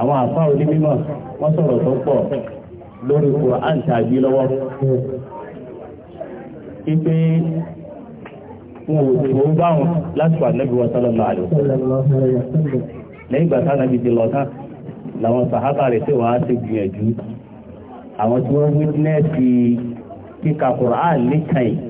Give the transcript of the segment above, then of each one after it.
àwọn àfa onímọ̀ wọ́n sọ̀rọ̀ tó pọ̀ lórí Qur'an tàbí lọ́wọ́ pípé wọn ò tó báwọn láti wà nẹ́bí wọn sọ́lọ́ lọ àlọ́ lẹ́yìn ìgbà táwọn ẹbí ti lọ tán làwọn sàhábà rẹ̀ tí wàá ti gbìyànjú àwọn tí wọ́n wí nẹ́ẹ̀sì kíka Qur'an nìkan yìí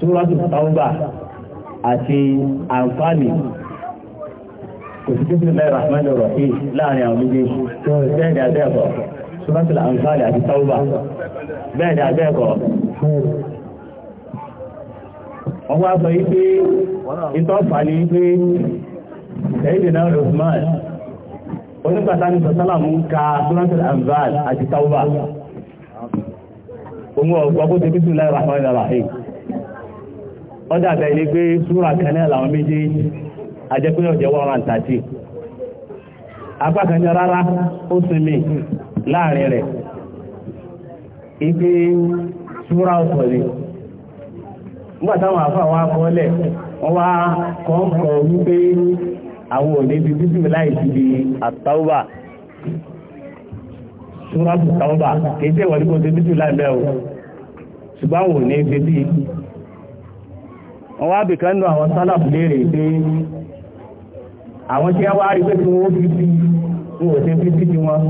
súrọ́tù tàúbà àti àǹfààní kò sí kíkí lẹ́rọ àmàlẹ̀ ọ̀rọ̀ yìí láàrin àwọn méjèèjì bẹ́ẹ̀ni abẹ́ẹ̀kọ́ súrọ́tù àǹfààní àti tàúbà bẹ́ẹ̀ni abẹ́ẹ̀kọ́ ọwọ́ àpọ̀ yìí pé ìtọ́fà ní pé ẹ̀yìn náà Usman onígbàtà ní sọ́sálàmù ka súrọ́tù àǹfààní àti tàúbà ohun ọ̀gbọ́gbọ́ ó dàgbà ilé pé súra kan náà làwọn méjèèjì ajẹ́ pé ọ̀jẹ́ wọ́n ra tàtí apá kan ní rárá ó sinmi láàrin rẹ̀ ipe súra ọ̀sọ̀ ni nígbà táwọn àfà wa kọ́lẹ̀ wọ́n wá kọ́ńkọ̀ wípé àwọn òní bí bíbí láì sí bí àtàwà súra bùtàwà kìí tẹ́wọ̀ ní kò sí bíbí láì bẹ́ẹ̀ ṣùgbọ́n òní bí bíbí wọ́n wá bìkan nínú àwọn sálàfù léèrè pé àwọn tí wọ́n rí pé kí wọ́n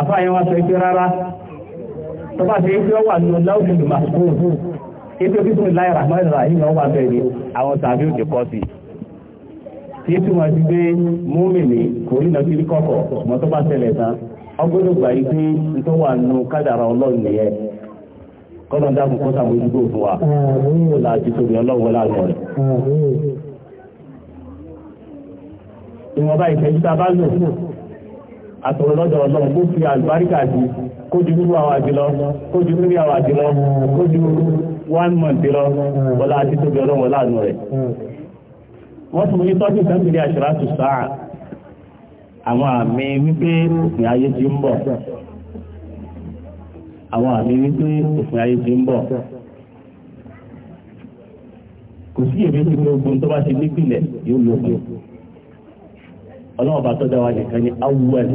àfáàyẹ wọn sọ ipé rárá tó bá ṣe ipé ọwà nù láwùjọ màkúrù ife bí fún láìra mọ́ìlá yìí wọ́n wà bẹ̀rẹ̀ àwọn tàbí òjò kọ́ sí tí tí wọ́n ti gbé múmìnì kò rí nàbí kọ́kọ̀ mọ́ tó bá tẹ̀lẹ̀ tán ọgbọ́dọ̀ gbà yí pé tó wà nù kádàrà ọlọ́run kọ́nà dákun fún wa ó là ti tóbi ọlọ́run láàrin ìwọ̀nba ìfẹ́jú a bá lò àtọ̀rọ̀lọ́dọ̀ ọlọ́run kó fi àlùbáríkà sí kó ju two hours lọ kó ju three hours lọ kó one month lọ wọlá àti tóbi ọlọ́run wọlá àánú rẹ̀. wọ́n tún ní tọ́jú sẹ́ńtìrì àṣírà tù sáà àwọn àmì wípé òpin ayé ti ń bọ̀ àwọn àmì wípé òpin ayé ti ń bọ̀ kò sí èmi tí mo gbọ́n tó bá ti nípìnlẹ̀ yóò lókun ọlọ́wọ́ bá tọ́jà wa nìkan ní awúwẹ́lì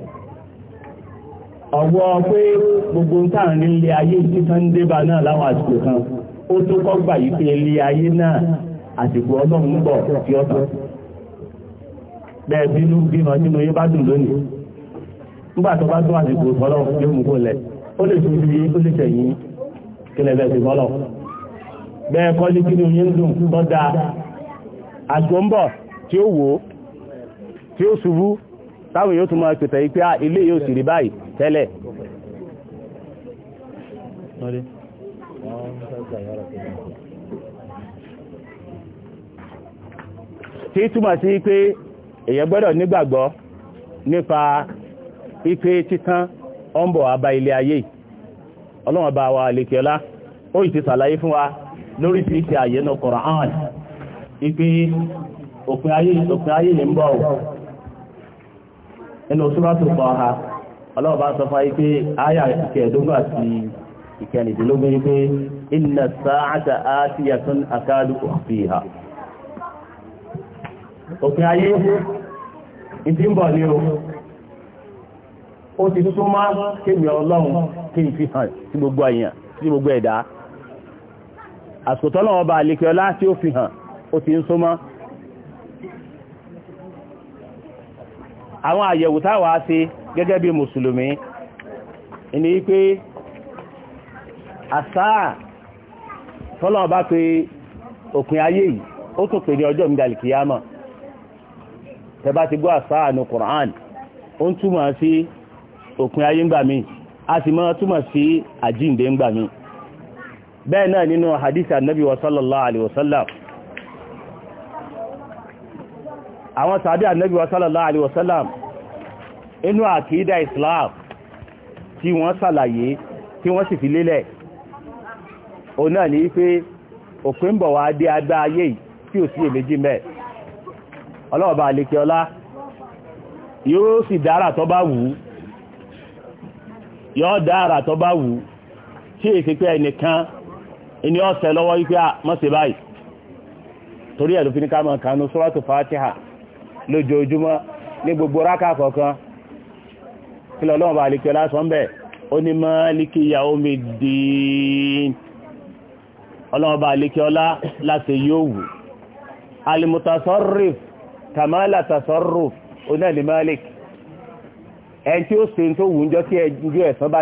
ọ̀wọ́ pé gbogbo táàrin ilé ayé títọ́ ń débà náà láwọn àsìkò kan ó tó kọ́gbà yìí pé ilé ayé náà àsìkò ọlọ́run bọ̀ tí ó tán bẹ́ẹ̀ bínú bímọ sínú yé bá dùn lónìí nígbà tó bá tó àsìkò tọ́lọ̀ yóò mú kó lẹ̀ ó lè tún yé ó lè tẹ̀yìn kílẹ̀ bẹ́ẹ̀ ti bẹ́ẹ̀ kọ́ ní kínú yín dùn tọ́ da àsìkò ń bọ̀ tí ó wò tí ó ṣubú táwọn yóò tún ah, ilé yóò sì rí báyìí tẹ́lẹ̀ tí sí pé gbọ́dọ̀ nígbàgbọ́ nípa ipé títán ọmbọ̀ àbá ilé ayé wa ó ì ti sàlàyé fún wa lórí tí ìṣẹ́ àyẹ́nà ipé òpin ayé ń bọ̀ nínú súrátù Tọ́ha ọlọ́run bá sọ fáyé pé àyà ìkẹẹ̀dógún àti ìkẹrìndínlógún yìí pé inna sa'ata atiyatun akadu ukhfiha òfin ayé ìdí ń o ó ti súnmọ́ kémi ọlọ́run kí n fi hàn sí gbogbo èèyàn sí gbogbo ẹ̀dá àsòtọ́lọ́wọ́ bá àlékẹ́ ọlá fi hàn ó ti ń àwọn àyẹ̀wò táwà ṣe gẹ́gẹ́ bí mùsùlùmí ni wípé àsáà tọ́lọ̀ bá pé òpin ayé yìí ó tún pè ní ọjọ́ ìmìdàlì kìyàmọ̀ tẹbá ti gbọ́ asaa ní Qur'an ó ń túmọ̀ sí òpin ayé ńgbà a sì máa túmọ̀ sí àjíǹde ńgbà bẹ́ẹ̀ náà nínú hadith àwọn sàbí ànábì wa sallallahu inú àkídà islam tí wọ́n sàlàyé tí wọ́n sì fi lélẹ̀ o náà ní pé òpin bọ̀ wá dé agbá ayé tí ò sí èméjì mẹ́ ọlọ́ọ̀bà ọlá yóò sì dára bá wù yóò dára bá wù tí èsì pé ẹnìkan ọ̀sẹ̀ lọ́wọ́ à báyìí torí lójoojúmọ́ ní gbogbo rákà kọ̀ọ̀kan kí lọ́lọ́wọ́ bá alikẹ́ lásán bẹ́ẹ̀ ó ní máàlìkì yawmiddin ọlọ́wọ́ bá alikẹ́ ọlá láti yóò wù alimutasarrif kamala tasarruf onáàlì máàlìkì ẹni tí ó ṣe tó wù ń jọ kí ẹjọ́ ẹ̀san bá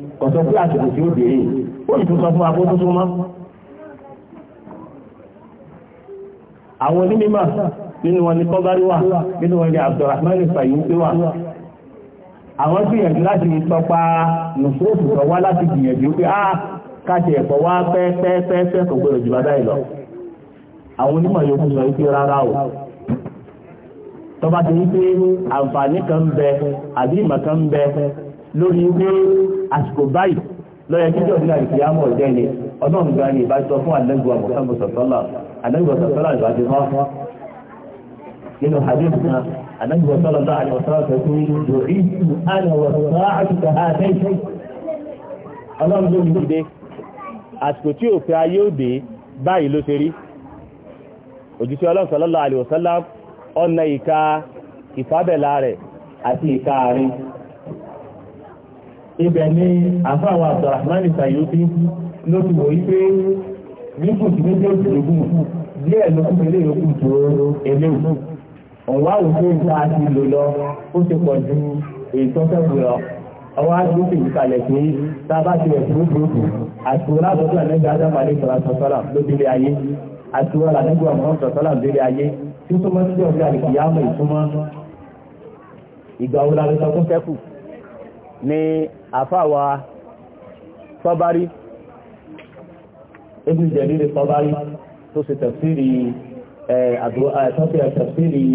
ọ̀sọ̀ sí àsìkò tí ó béèrè ó sì tún sọ fún abó tuntun mọ́. àwọn onímọ̀ nínú wọn ni kọ́bárí wà nínú wọn ni Abdulrahman Fayinti wà àwọn gbìyànjú láti tọpa nùsùrùsù tó wá láti gbìyànjú pé á káṣẹ ẹ̀kọ́ wá pẹ́ẹ́pẹ́ẹ́pẹ́ kò gbọdọ̀ jù bá báyìí lọ àwọn onímọ̀ yòókù sọ wípé rárá o tọ́ba ti wípé àǹfààní kan ń bẹ àbí ìmọ̀ kan ń bẹ lórí pé àsìkò báyìí lọ́yẹ jíjọ́ ní àìsíyámọ̀ ọ̀jẹ́ ni ọlọ́run gan fún àdẹ́gbọ̀ àmọ̀sánbọ̀ sọ̀tọ́lá àdẹ́gbọ̀ sọ̀tọ́lá ìbá nínú hadith náà àdẹ́gbọ̀ bá àdẹ́gbọ̀sọ̀tọ́lá sọ fún ìdòrí àlọ́wọ̀ sọ̀tọ́lá àtúntà àtẹ́yìn ní dé ibẹ̀ ni àfáwà Abdulrahman Sayuti ló ti wò wípé nípò tí méjèèjì lógún díẹ̀ ló kún ilé yòókù tó eléwù òun wá wò pé nǹkan àti ìlò lọ ó ti pọ̀ ju èyí tó fẹ́ wù lọ ọwọ́ àdúgbò ti kalẹ̀ pé tá a bá ti rẹ̀ tó burúkú àti wọn lábọ́dọ̀ àlejò ádámù àlejò àtọ̀sọ́là lóbìnrin ayé àti wọn àlejò àwọn àtọ̀sọ́là lóbìnrin ayé tí ó tó mọ́ sí ọ̀gá àlèkìyàmọ̀ ìtumọ̀ ìgbà wo la lè sọ fún fẹ́kù. ni àfáwà sọ́bárí ibn Jarir sọ́bárí tó ṣe tafsiri tafsiri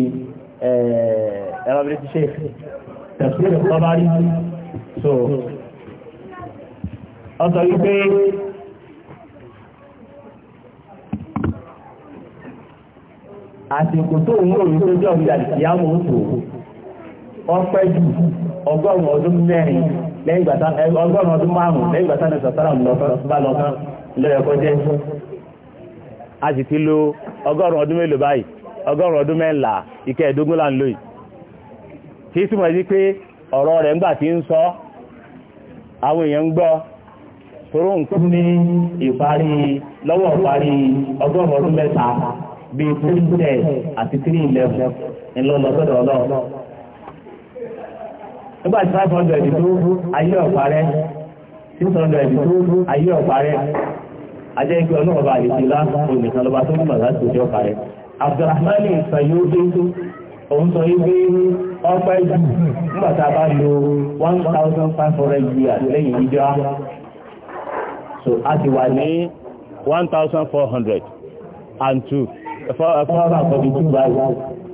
ṣe tafsiri sọ́bárí so ọ̀sọ̀ wípé àsìkò tó ń wò ní tó jọ́ ìyàmù tó ọpẹ́ jù ọgọ́rùn-ún ọdún mẹ́rin lẹ́yìn ọdún márùn-ún lẹ́yìn gbàtà ní sàtàrà bá lọ tán lọ́yọ̀kọ́ a sì ti lo ọgọ́rùn-ún ọdún mélòó báyìí ọgọ́rùn-ún ọdún mẹ́ńlá ìkẹẹ̀ẹ́dógún là ń lò yìí kì í túmọ̀ sí pé ọ̀rọ̀ rẹ̀ tí ń nígbà tí five hundred tó ayé ọ̀parẹ́ six hundred tó ayé ọ̀parẹ́ ajẹ́ ìgbẹ́ ọlọ́run bá lè ṣe lásán olùkan lọ́ba tó nígbà láti òjò ọ̀parẹ́ Abdulrahman Sayyidi òun sọ wípé ọpẹ́ jù nígbà tá a bá lo one thousand five hundred years ìjọ so a ti wà ní one thousand four hundred and two four hundred and forty two báyìí.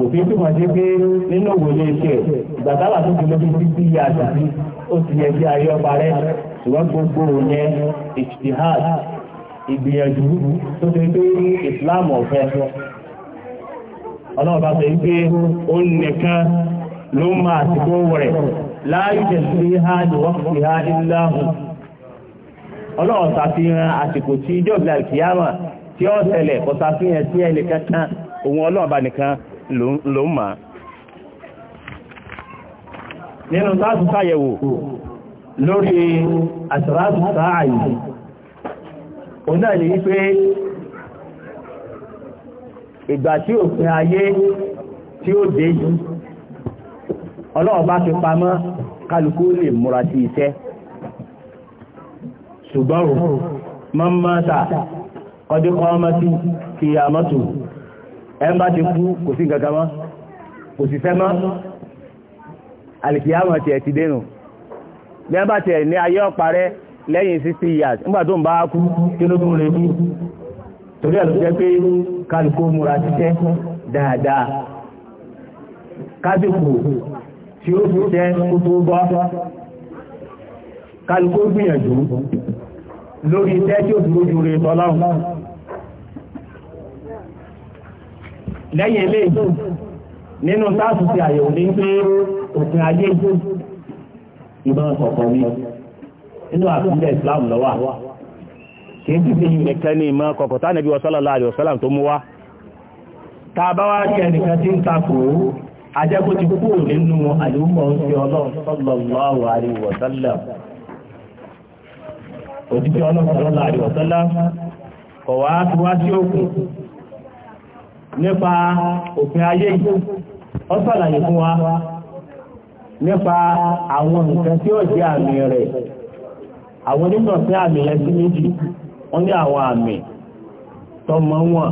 òfin tí wọ́n ṣe pé nínú òwòlé iṣẹ́ ìgbàtàwà tó ti lójú títí yà àtàtì ó ti yẹ kí ayé ọba rẹ ṣùgbọ́n gbogbo ìgbìyànjú tó ṣe pé Islam ọ̀fẹ́ ọlọ́ọ̀bá ṣe pé ó nìkan ló máa àsìkò rẹ̀ láàyè tẹ̀lé ha ní wọ́n fi ha níláhùn ọlọ́ọ̀ ṣàfihàn àsìkò tí ìjọba ìkìyàmà tí ó ṣẹlẹ̀ kò ṣàfihàn sí ẹnì òun ló ń máa nínú táàtù sáyẹ̀wò lórí àṣìráàtù sáàyì o náà lè wípé ìgbà tí òfin ayé tí ó dé yìí ọlọ́run bá fi pamọ́ kálukú lè múra sí iṣẹ́ ṣùgbọ́n mọ́mọ́ta ọdíkọ́ ọmọ sí kìyàmọ́tò ẹ bá ti kú kò sí nǹkan kan mọ́ kò sì fẹ́ mọ́ àlìkìyàmọ̀ tiẹ̀ ti dénú bí wọ́n bá tiẹ̀ ní ayé ọ̀parẹ́ lẹ́yìn sixty years nígbà tó ń bá kú kí ló tún torí ẹ̀ ló jẹ́ pé kálukó múra ṣiṣẹ́ dáadáa kásìkò tí ó ṣiṣẹ́ kó tó bọ́ kálukó gbìyànjú lórí iṣẹ́ tí ó dúró ju rẹ̀ tọ́lọ́run lẹ́yìn ilé ìjọ nínú táàtù ti àyẹ̀wò ní pé òfin ayé ìjọ ìbọn sọ̀kọ̀ mi nínú àfihàn Islam lọ́wọ́ kì í sì fi nìkan ní ìmọ̀ kọ̀kọ̀ tá nàbí sallallahu alaihi wasallam tó mú wá tá a bá wá kẹ́ nìkan tí ń takò ajẹ́kó ti kú nínú àdúgbò ń fi ọlọ́run sallallahu alaihi wasallam òjijì ọlọ́run sallallahu alaihi wasallam kọ̀ wá tí wá sí òkun nípa òfin ayé yìí ó sàlàyé fún wa nípa àwọn nǹkan tí ó jẹ́ àmì rẹ̀ àwọn onímọ̀ sí àmì yẹn sí méjì wọ́n ní àwọn àmì tọmọ wọn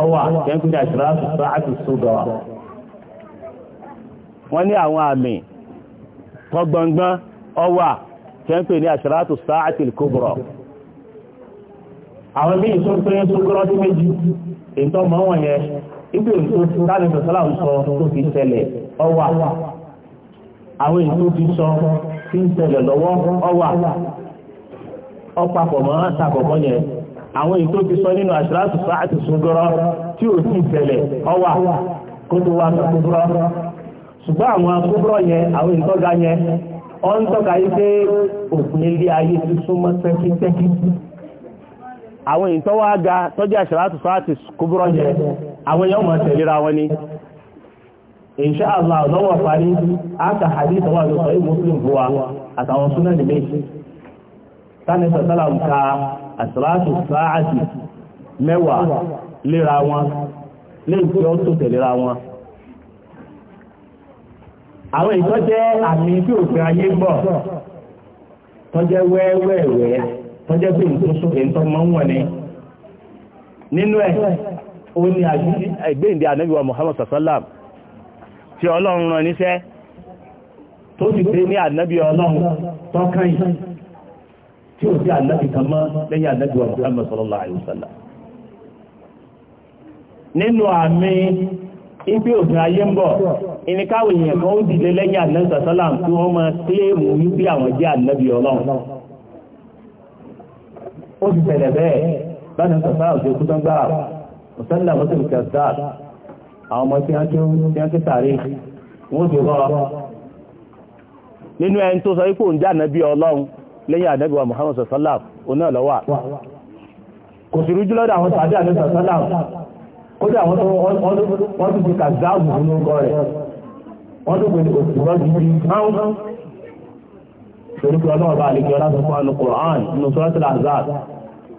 ọwà tẹ́gbẹ́ àṣíráàfù sáàtì sódọ̀wà wọ́n ní àwọn àmì tọgbọngbọ́n ọwà tẹ́gbẹ́ ní àṣíráàfù sáàtì kóbọ̀rọ̀ àwọn bí ìsúnkúrẹ́ sókúrọ́ sí méjì ètò ọmọ wọn yẹn ibi ètò sáré sọ̀sọ́là ń sọ tó fi ṣẹlẹ̀ ọwà àwọn ètò ti sọ tí ń ṣẹlẹ̀ lọ́wọ́ ọwà ọpapọ̀ mọ́ àtàkọ̀kọ́ yẹn àwọn ètò ti sọ nínú àṣíráṣù sáàtì sungọrọ tí ò tí ìṣẹ̀lẹ̀ ọwà kó tó wá sọ kúbúrọ́ ṣùgbọ́n àwọn kúbúrọ́ yẹn àwọn ìtọ́ga yẹn ọ ń tọ́ka yí pé òpin ilé ayé ti súnmọ́ tẹ́kítẹ́kí àwọn èyí tó wá ga tọ́jú àṣàlátù sọ́láàtì kúbúrọ́ jẹ àwọn èèyàn máa tẹ̀lera wọn ni insha Allah lọ́wọ́ parí áta hadith wà ló sọ Muslim fún wa àtàwọn súnà ní méjì sani sàtàlàm ka àṣàlátù sọ́láàtì mẹ́wàá léra wọn lẹ́yìn tí ó tó tẹ̀lera wọn àwọn ìtọ́jẹ́ àmì tí òfin ayé gbọ́ tọ́jẹ́ wẹ́wẹ́wẹ́ tọ́jọ́ pé nǹkan sókè ń tọ́mọ ń wọ̀n ni nínú ẹ̀ ó ní àgbéǹde ànábì wa Muhammad sallam tí ọlọ́run rán níṣẹ́ tó sì pé ní ànábì ọlọ́run tọ́kàn yìí tí ò sí ànábì kan mọ́ lẹ́yìn ànábì wa Muhammad sallallahu alaihi wasallam nínú àmì ibi òfin ayé ń bọ̀ ìníkàwé èèyàn kan ó dìde lẹ́yìn ànábì sallam tí wọ́n máa kílèmù wípé àwọn jẹ́ ànábì ọlọ́run ó ti tẹ̀lẹ̀ bẹ́ẹ̀ báyìí ní sọ̀tà òjò kú tó ń gbà òsèlè àwọn tòun kẹta àwọn ọmọ tí wọ́n ti ń tàrí wọ́n ti rọ́ nínú ẹni tó sọ ikú ń jà nábì ọlọ́run wa Muhammad sọ̀sọ́lá oní ọ̀lọ́wà kò sì torí pé ọlọ́ọ̀bá àlejò ọlọ́sọ fún àánú Qur'an nínú suratul Ahzab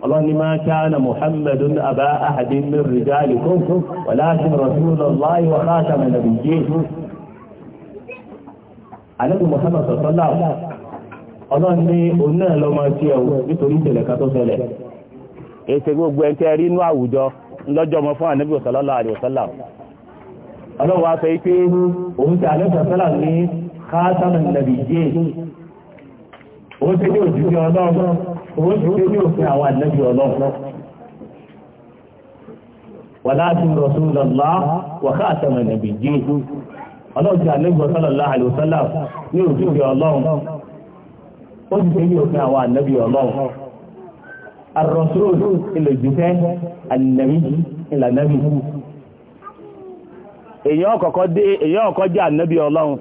ọlọ́ni máa kana Muhammadun aba ahadin min rijalikum walakin rasulullahi wa khataman nabiyyin àlejò Muhammad sọ̀tọ́lá ọlọ́run ní òun náà lọ máa ṣe ẹ̀wọ̀ nítorí ìṣẹ̀lẹ̀ kan tó ṣẹlẹ̀. èsè gbogbo ẹ̀ ń tẹ́ rí inú àwùjọ lọ́jọ́ ọmọ fún ànábì sallallahu alaihi wasallam. ọlọ́run wá fẹ́ pé òun ti àlẹ́ sọ̀tọ́lá ní khataman nabiyyin owó ti ní òjijì ọlọ́run owó ti ní òfin àwọn ànábì ọlọ́run walakin rasulullah wa khataman nabiyyin ọlọ́run ti ànábì sallallahu alaihi wasallam ní òjijì ọlọ́run ó ti ní òfin àwọn ànábì ọlọ́run ar-rasul ilẹ̀ jùfẹ́ ànábì ilẹ̀ ànábì èèyàn kọ̀kọ́ dé èèyàn kọjá ànábì ọlọ́run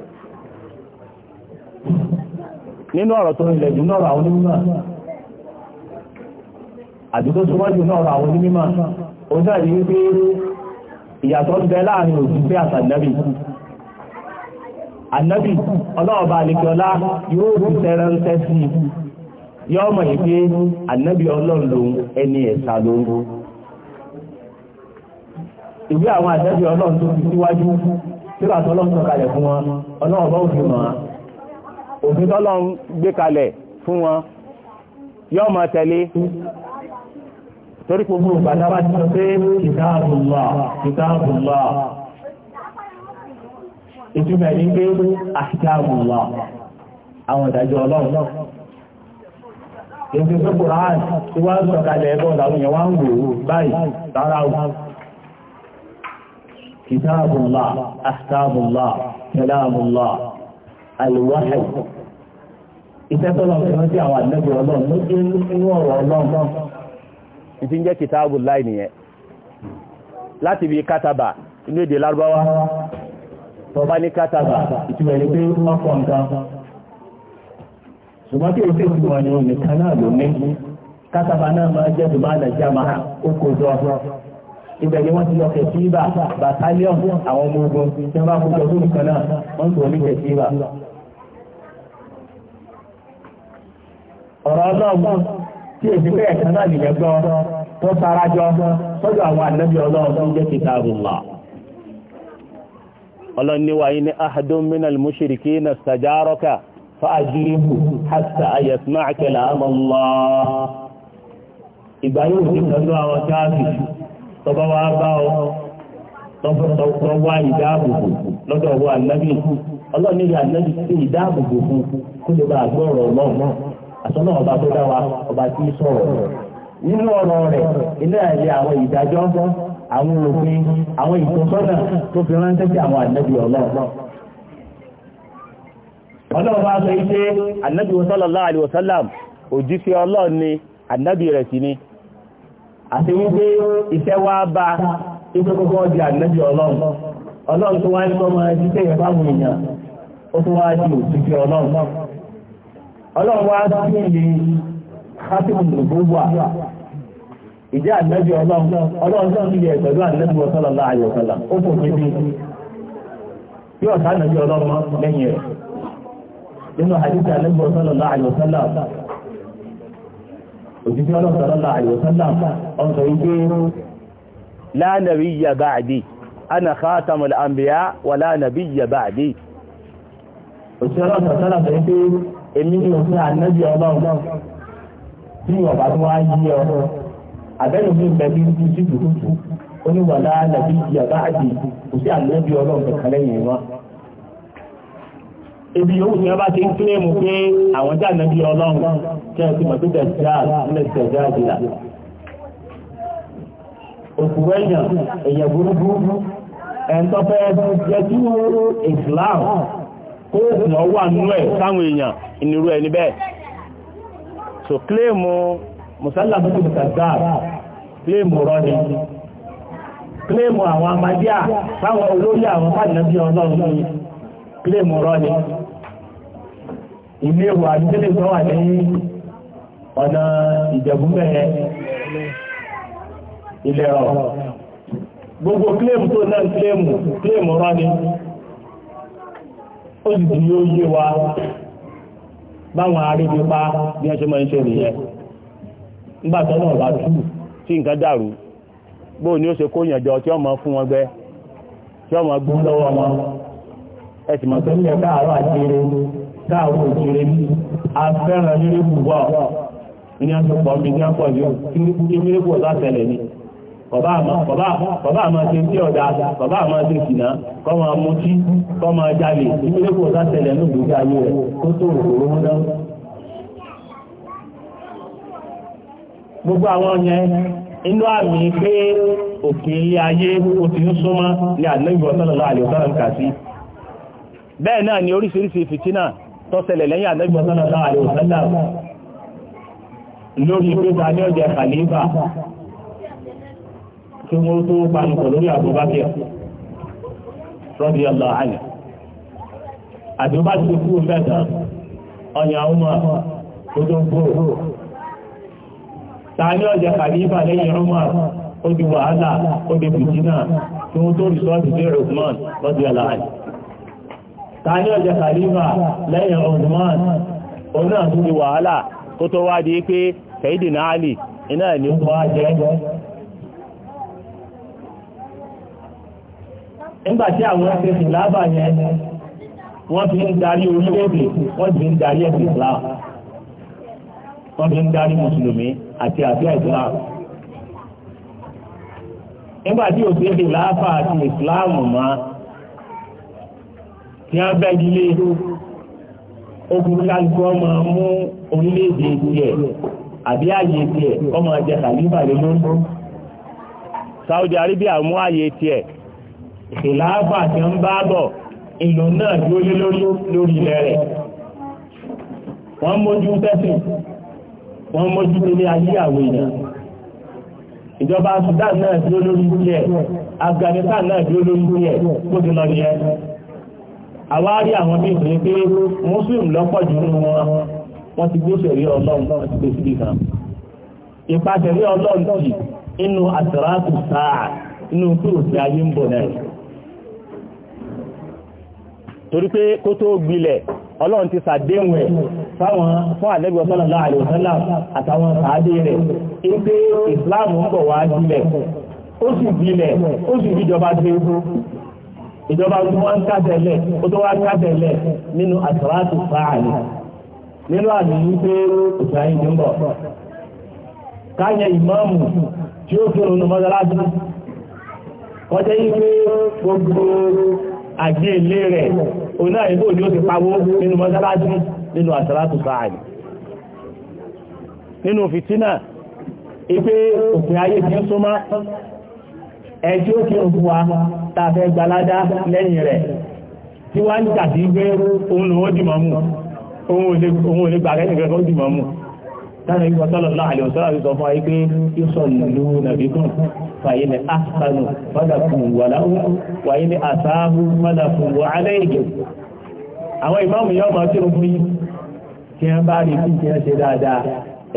nínú ọ̀rọ̀ tó nílẹ̀ jù náà àwọn onímọ̀ àdúgbò tó jù náà àwọn onímọ̀ ó sẹ́ẹ̀dì pé ìyàtọ̀ bẹ láàrin òṣìṣẹ́ àtàlẹ́bì ànábì ọlọ́ọ̀bá àlekọ́lá yóò fi sí mọ̀ yìí pé ẹni ìwé àwọn fi síwájú tí òfin tọ́lọ́ ń gbé kalẹ̀ fún wọn yóò máa tẹ̀lé torí gbogbo ìgbàdá bá ti sọ pé kitabullah kitabullah ìtumẹ̀ ní pé ahkamullah àwọn ìdájọ́ ọlọ́run èdè tó kùrán àlùwáhàì iṣẹ́ tó lọ́wọ́ fẹ́ràn sí àwọn àdínẹ́bí ọlọ́run ló dé inú ọ̀rọ̀ ọlọ́run ní ti ń jẹ́ kìtàbù láì nìyẹn láti bí kátàbà inú èdè lárúbáwá tó bá ní kátàbà ìtumọ̀ ẹni pé ọkọ̀ nǹkan ṣùgbọ́n kí èsì ìtumọ̀ ni nìkan náà ló ní kátàbà náà máa jẹ́ dùbá nàìjíríà máa ó kó jọ ibẹ̀ ni wọ́n ti lọ kẹ̀síbà bàtálíọ̀n àwọn ọmọ ogun tí wọ́n bá kó jọ lórí kan náà wọ́n ń tò ọ̀rọ̀ ọlọ́run tí èsì pé ẹ̀kan náà nìyẹn gbọ́ tó sarajọ sọ́dọ̀ àwọn ànábì ọlọ́run tó ń jẹ́ kitabullah. ọlọ́niwa yìí ní ahadun minal mushrikina istajaraka fa'ajibu hatta yasma'a kalam Allah. ìgbà yóò fi pẹ̀lú àwọn káàbì ìdáàbòbò fún kó lè bá àgbọ̀ ọ̀rọ̀ ọlọ́run àtọ́nà ọba tó dá wa ọba tí ń sọ̀rọ̀ nínú ọ̀rọ̀ rẹ̀ ilé ẹ̀yẹ àwọn ìdájọ́ àwọn òfin àwọn ìtọ́sọ́nà tó fi ránṣẹ́ sí àwọn ànábì ọlọ́run ọlọ́run bá sọ ike ànábì sallallahu alaihi wasallam òjíṣẹ́ ni ànábì rẹ̀ sì ni àti wípé iṣẹ́ wa ba iṣẹ́ di ànábì ọlọ́run tó ọlọ́run wá sí ní hátìmù nùbúwà ìjẹ́ ànábì ọlọ́run ọlọ́run náà nílẹ̀ pẹ̀lú ànábì ọ̀sọ́lọ̀ náà ayọ̀ ọ̀sọ́lọ̀ ó kò níbi yóò sá ànábì ọlọ́run lẹ́yìn rẹ̀ nínú àdìsí ànábì ọ̀sọ́lọ̀ náà ayọ̀ ọ̀sọ́lọ̀ òjijì ọlọ́sọ̀rọ̀ náà ayọ̀ ọ̀sọ́lọ̀ ọ̀sọ̀ ìgbé la nabiyya ba'di ana khatamul anbiya wa la nabiyya ba'di òjijì ọlọ́sọ̀rọ̀ náà èmi ní òfin ànábì ọlọ́run tí ọ̀bá tó wá yí ọ àbẹ́nu mi bẹ̀bí ń dúdú dùdú oníwàlá nàbí ìyàbá àjì kò sí ànábì ọlọ́run kankan lẹ́yìn wọn. ibi yòówù ni wọn bá ti ń kílẹ̀mù pé àwọn jẹ́ ànábì ọlọ́run kí ẹ ti mọ̀ tó tẹ̀síra nílẹ̀ tẹ̀síra ìdílà. òkú wẹ̀yàn èèyàn burúkú ẹ̀ ń tọ́pẹ́ jẹ́ kí wọ́n Islam kó mọ̀ wà nú ẹ̀ sáwọn èèyàn ìnirú ẹni bẹ́ẹ̀ so kílèmù musalla fún mùsàdá kílèmù rọ́ni kílèmù àwọn amadíà sáwọn olórí àwọn fàdínàbí ọlọ́run ní kílèmù rọ́ni ilé ìwà àdúgbò tó wà ní ọ̀nà ìjẹ̀búmẹ́ ilẹ̀ ọ̀ gbogbo kílèmù tó náà kílèmù kílèmù rọ́ni ó sì yóò yé wa báwọn arígbépá bí wọ́n ṣe máa ń ṣe nìyẹn nígbà náà bá tú tí nǹkan dàrú bó ó ṣe kó yànjọ tí ọmọ fún wọn gbẹ tí ọmọ gbó lọ́wọ́ wọn ẹ mọ̀ pé ní ẹ̀ka àárọ̀ àjèrè ní àtúpọ̀ mi ní àpọ̀ bàbá àmọ́ ṣe tí ọ̀dá bàbá àmọ́ ṣe kìnà kọ́ máa mú tí kọ́ máa jalè ìpínlẹ̀ kò sá tẹ̀lẹ̀ ní ìgbésí ayé rẹ̀ tó tó òkòrò mú náà. gbogbo àwọn yẹn inú àmì pé òkè ilé ayé o ti ń súnmọ́ ní àdínlẹ́gbọ̀n sallallahu alaihi wasallam kà sí bẹ́ẹ̀ náà ni oríṣiríṣi fìtínà tó ṣẹlẹ̀ lẹ́yìn àdínlẹ́gbọ̀n sallallahu alaihi wasallam lórí ìgbésà ní ọjọ́ khalifa kí wọ́n tó panupọ̀ lórí Abubakar radiyallahu anhu àdúbàtì kú mẹ́ta ọ̀yà ọmọ ojúgbò tààrí ọjà kàlífà lẹ́yìn ọmọ ó di wàhálà ó di bùjínà tí wọ́n tó rí sọ́ọ̀tì sí Uthman radiyallahu anhu tààrí ọjà kàlífà lẹ́yìn Uthman ó náà tó di wàhálà kó tó wá di pé Sayyidina Ali iná ẹ̀ ní wọ́n á jẹ́ nígbà tí àwọn ṣe sùn lábà yẹn wọ́n fi ń darí orílẹ̀-èdè wọ́n fi ń darí ẹ̀sìn Islam wọ́n fi ń darí mùsùlùmí àti àbíà Islam nígbà tí ò ṣe láàfà àti Islam mọ́ tí wọ́n bẹ́ ilé ogun kálukú ọmọ mú orílẹ̀-èdè tiẹ̀ àbí ààyè tiẹ̀ ọmọ jẹ kàlífà lé lóńdó Saudi Arabia mú ààyè tiẹ̀ ìṣèláàbà tí ń bá bọ̀ ìlú náà tí ó lé lórí lórí ilẹ̀ rẹ̀ wọ́n mójú tẹ́sìn wọ́n mójú tẹ́lé ayé àwọn èèyàn ìjọba Sudan náà tí ó lórí ilẹ̀ Afghanistan náà tí ó lórí ilẹ̀ kó ti lọ nìyẹn àwárí àwọn bí ìsìn pé muslim lọ́pọ̀ jù nínú wọn wọ́n ti gbé sẹ̀rí ọlọ́run náà ti gbé síbí kan ìpa sẹ̀rí ọlọ́run jì nínú àtàràkù sáà nínú kúrò sí ayé ń bọ̀ náà torí pé kó tó gbilẹ̀ ọlọ́run ti sàdéhùn fún àlẹ́bí sallallahu alaihi wasallam àtàwọn sàádé rẹ̀ pé ìsìláàmù ń bọ̀ wá gbilẹ̀ ó sì gbilẹ̀ ó sì fìjọba ṣe ìjọba tó wá ń kátẹ̀lẹ̀ ó tó wá ń nínú àtàwátì fáàlì nínú ti ń bọ̀ káyẹ àgbé ilé rẹ̀ òun náà ìbò ni ó ti pawó nínú mọ́sálásí nínú àsàlátù sáàrì nínú fìtínà ipé òpin ayé ti ń súnmọ́ ẹjí ó kí òkú wa tàfẹ́ gbalada lẹ́yìn rẹ̀ tí wá ń jàdí gbé ohun lòun ó dìmọ̀ mú ohun ò lè gbàgẹ́ lára ìwọ sọ́lọ̀ náà àlè ọ̀sọ́lá fi sọ fún ayé pé ìsọ̀ lù nàbíkùn fàyè ní àṣàlù fọ́dàkùn wà láwù wàyé ní àṣàhù fọ́dàkùn wà aláìgè àwọn ìmáàmù yóò máa tí ó fún yín tí wọ́n bá rí bí wọ́n ṣe dáadáa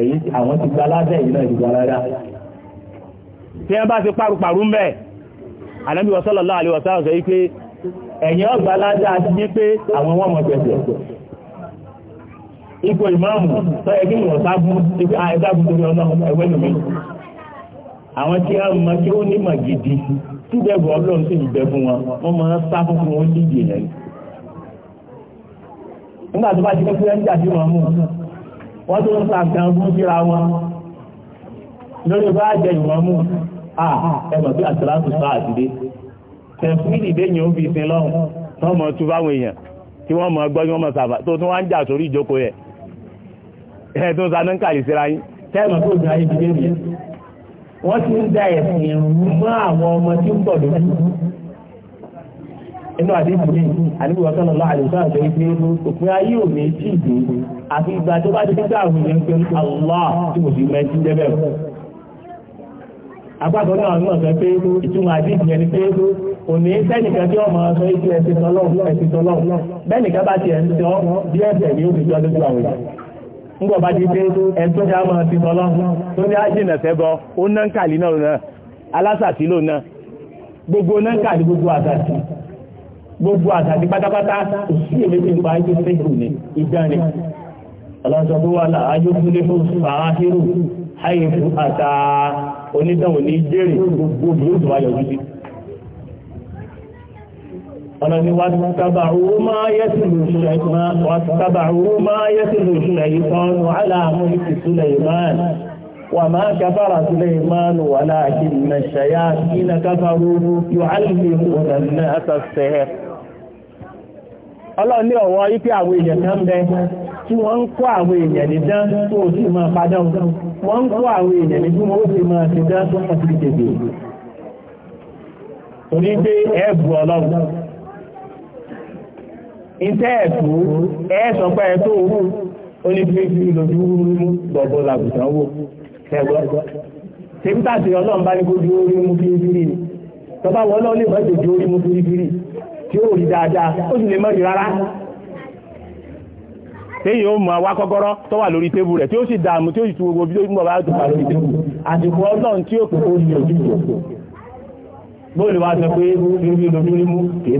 èyí àwọn ti gba ládàá èyí náà ti gba ládàá tí wọ́n bá ti paru-paru mbẹ́ àlẹ́bí ọ̀sọ́lọ̀ náà àlè ọ̀sọ́lá sọ yí pé ẹ̀yìn ọgbà ládàá ipò ìmáàmù tó ẹgbẹ́ ìwọ̀n sábú ipò àìsábú torí ọlọ́run ẹgbẹ́ lómi àwọn tí a mọ kí ó nímọ̀ gidi tí bẹ́ẹ̀bù ọlọ́run sì bẹ fún wọn wọ́n máa ń sá fún fún wọn ní ìdìyẹ nígbà tó bá ti pẹ́ pẹ́ ń jà sí wọn mú wọ́n tó ń sàǹkan fún síra wọn lórí bá jẹ ìwọ̀n mú à ẹgbẹ̀ pé àtàlásù sáà ti dé tẹ̀fún ìdè sin lọ́run tó mọ̀ báwọn èèyàn tí wọ́n mọ̀ gbọ́ tí wọ́n mọ̀ sàbà tó tún wá ń jà sórí ìjókòó yẹn ẹ̀ tó saná ń kàrí síra yín tẹ́ẹ̀mù tó dùn ayé ìdílé wọ́n ti ń da ẹ̀sìn ìrùn mọ́ àwọn ọmọ tí ń bọ̀ lójú inú àdébìrì wọn sọ̀rọ̀ òpin ayé ò ní tí àfi ìgbà tó bá ti pé tí mẹ́tí débẹ̀ apákan náà ní ọ̀sẹ̀ pé ìtumọ̀ yẹn ni pé sẹ́nìkan tí ọmọ sọ ẹ̀sìn ńgbọ̀ bá di pé ẹ̀tọ́ ní a máa ti tọ́lọ́ tó ní ájìnà fẹ́bọ ó ná ń kàlí náà náà alásàtí ló náà gbogbo ná kàlí gbogbo àtàtì gbogbo àtàtì pátápátá òsì èmi ti ń pa ayé ní ìdáni ọlọ́sọ tó wà láà ayé fún lé fún ayé fún àtà onídàwọ̀ ní jẹ́rìí gbogbo yóò tó wáyọ̀ ọlọ́ni wá tábàrú máa yẹ́sìlú ṣùlẹ̀mánù aláàmú ìfì ṣùlẹ̀mánù wà máa kàfàrà ṣùlẹ̀mánù wà láàkí nàṣàyà ìnà kàfàrú yóò alìlú ọ̀dàmì àtàṣẹ́ ọlọ́ni ọ̀wọ́ ipé àwọn èèyàn kan bẹ tí wọ́n ń kó àwọn èèyàn ní dán tó o sì máa padà wọ́n ń kó àwọn èèyàn ní bí wọ́n ó sì máa ti dán tó pàtàkì tèbè torí pé ẹ̀bù ọlọ́run iṣẹ́ ẹ̀tù ẹ̀ẹ́sọ̀ pé ẹ tó owó ó ní fífi lójú rúrú gbọ̀gbọ̀ làbùsàn wò ẹ̀gbọ́ tèmítà sí ọlọ́run bá ní kó ju orí mú fírífírí ni tọ́ba wọ́n náà lè má ṣe ju orí mú fírífírí tí ó rí dáadáa ó sì lè má rí rárá kọ́kọ́rọ́ tó wà lórí tébù rẹ̀ tí ó sì dààmú tí ó sì tu bí ó mọ̀ bá tó wà lórí tébù àsìkò ọlọ́run tí ó pè ní ojú bóòlù wa sọ pé fírífírí lójú rí mú kì í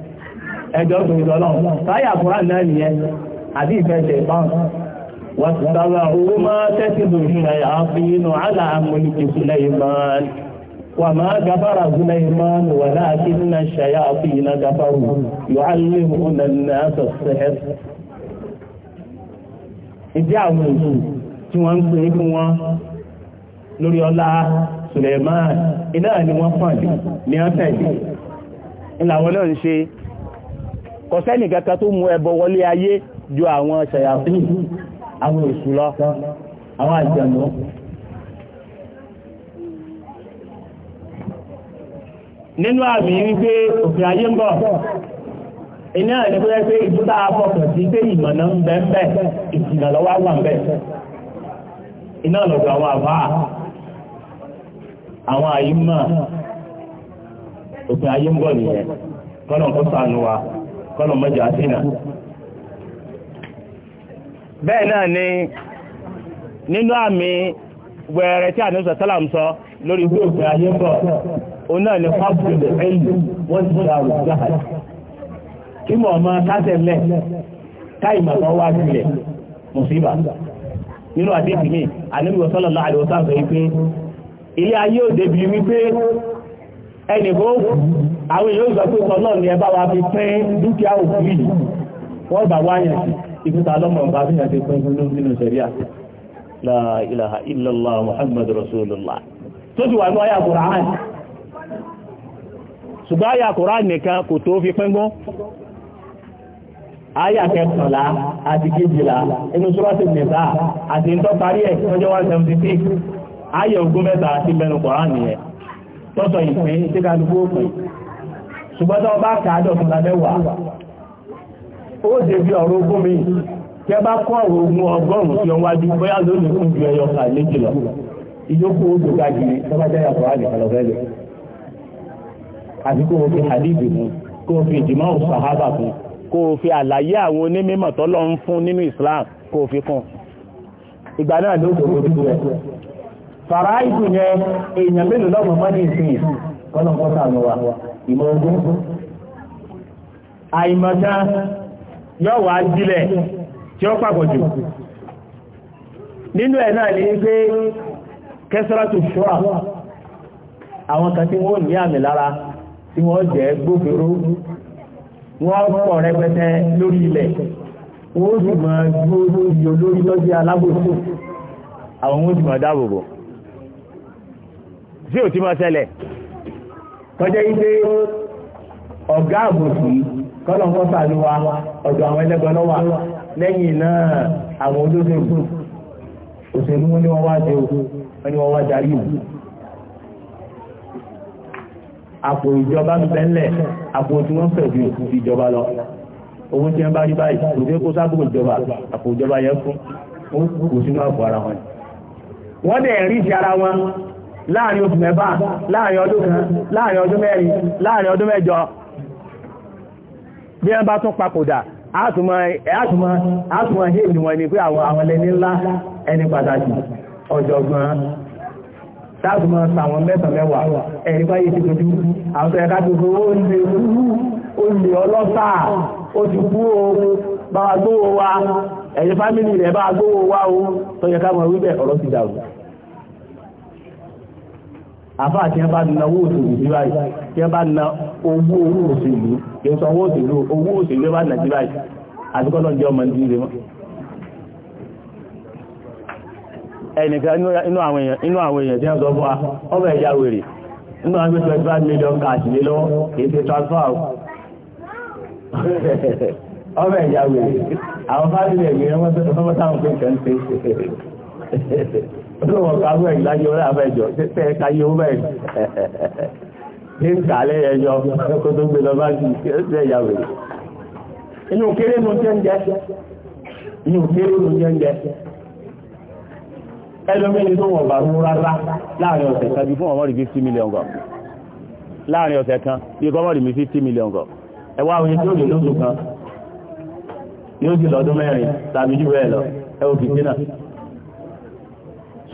ẹjọ́ tó ń lọ́lọ́ táyà kúrà náà nìyẹn àbí ìfẹsẹ̀ ìbọn wàtàrà owó máa tẹ́sí lòṣìṣẹ́ àfihàn lórí ọlá iná ni wọ́n ní ìlàwọ́ náà ń ṣe kọ̀sẹ́nì kankan tó mú ẹbọ wọlé ayé ju àwọn ṣẹ̀yàfún àwọn èṣù lọ àwọn àjẹ̀nú nínú àmì wípé òfin ayé ń bọ̀ iná ẹni pé pé ìtúta afọkàn sí pé ìmọ̀nà ń bẹ ń bẹ ìjìnà lọ́wọ́ wà ń iná lọ́dọ̀ àwọn àbá àwọn àyímọ̀ òfin ayé ń bọ̀ nìyẹn kọ́nà kó sànú wa kọ́nà mọ́jà sínà bẹ́ẹ̀ náà ni nínú àmì wẹ̀rẹ̀ tí àníṣà sálàm sọ lórí bí òfin ayé bọ̀ o náà ni fábùlẹ̀ ẹ̀lú wọ́n ti dá àrùn gbáhàlì kí mọ̀ ọmọ kásẹ̀lẹ̀ táìmà kan wá sílẹ̀ mùsíbà nínú àdéhìí mi àníbi sallallahu alaihi wasallam sọ wípé ilé ayé òde bíi wípé ẹnìbó àwọn èèyàn ìgbà pípọ̀ náà ni ẹbá wa fi pín dúkìá òkú yìí wọ́n bá wáyàn ìfúta lọ́mọ̀ bá fi àti pín fún nínú sẹ̀ríà la ilaha illallah muhammad rasulullah tó ti wà ní ọyá kùrán ṣùgbọ́n ayá kùrán nìkan kò tó fi pín gbọ́n ayá kẹfànlá àti kejìlá inú sọ́rọ́sì nìta àti ń ẹ̀ tọ́jọ́ 176 ayẹ̀ ogún mẹ́ta àti mẹ́nu kùrán nìyẹn tọ́sọ̀ ìpín tí ká lùgbó òpin ṣùgbọ́n tó bá kàádọ̀tún lábẹ́wàá ó dé bí ọ̀rọ̀ ogún mi kẹ bá kọ́ ọ̀rọ̀ ogún ọgọ́rùn-ún sí ọwájú bóyá lónìí fún ju ẹyọ kà méjì lọ ìyókù ó gbé káàkiri tó bá jẹ́ yàtọ̀ àgbẹ̀ kọlọ̀fẹ́lẹ̀ àti kó o fi hadith mu kó o fi ìdìmọ̀ sàhábà fún kó o fi àlàyé àwọn onímọ̀ tọ́lọ́ ń fún nínú Islam kó o fi kún ìgbà náà ló kò fara ìdù nye èèyàn mélòó lọ́mọ mọ́ ní ìsìn kọ́nà kọ́ sànù wa ìmọ̀ ogun àìmọ̀ta yóò jílẹ̀ tí ó pàpọ̀ jù nínú ẹ̀ náà ní pé kẹsàrátù ṣọ́à àwọn kan tí wọ́n ní àmì lára tí wọ́n jẹ́ gbófinró wọ́n pọ̀ rẹpẹtẹ lórí ilẹ̀ wọ́n sì tí ò ti mọ́ ṣẹlẹ̀ tọ́já yí pé ọ̀gá àbòsí kọ́lọ̀ ń kọ́sà ló wa ọ̀dọ̀ àwọn ẹlẹ́gbẹ́ lọ́ wà lẹ́yìn náà àwọn olóṣèlú òṣèlú wọn ni wọ́n wá ṣe wọn ni wọ́n wá darí ìlú àpò ìjọba ń bẹ́ńlẹ̀ àpò tí wọ́n fẹ̀ ju ìjọba lọ owó tí wọ́n bá rí báyìí kò dé kó sábò ìjọba àpò ìjọba yẹn fún kò sínú àpò ara wọn. wọ́n dẹ̀ rí ti ara wọn láàrin oṣù mẹ́fà láàrin ọdún kan láàrin ọdún mẹ́rin láàrin ọdún mẹ́jọ bí wọ́n bá tún papòdà átùmọ̀ hìlì wọn ni pé àwọn àwọn ẹni ńlá ẹni pàtàkì ọ̀jọ̀gbọ́n tààtùmọ̀ sàwọn mẹ́sàn mẹ́wàá ẹni báyé ti tó dúró àwọn ẹ̀ká tó kó ó lè olè ọlọ́sà ó ti kú o bá wa gbówó wa ẹ̀yẹ fámìlì rẹ̀ bá wa gbówó wa o tó yẹ ká mọ̀ wíbẹ̀ ọ̀rọ̀ ti dàrú àfáà tí wọ́n bá na owó òṣèlú sí báyìí tí wọ́n bá na owó owó òṣèlú yóò sọ owó òṣèlú owó òṣèlú bá nà sí báyìí àtikọ́ náà jẹ́ ọmọ ìdílé rẹ̀ mọ́ ẹnìkan inú àwọn èèyàn tí wọ́n sọ fún wa ọmọ ẹ̀yà wèrè nínú àwọn gbèsè twenty five million cash lé lọ́wọ́ kì í ṣe transfer ọmọ ẹ̀yà wèrè àwọn fámìlì ẹ̀mí wọ́n sọ fún ọmọ táwọn pé kẹ́ lọ́wọ́ ní nkàlẹ́ ẹjọ́ kó tó gbé lọ bá jù ẹ̀ṣẹ̀ ìyàwó inú kéré nu jẹ́ǹjẹ́ inú kéré tó wọ̀n bá rárá láàrin ọ̀sẹ̀ kan bí fún ọmọ rí fifty million gọ̀ láàrin ọ̀sẹ̀ kan bí kọ́mọ rí mi million gọ̀ ẹ wá tí ó lè lóṣù kan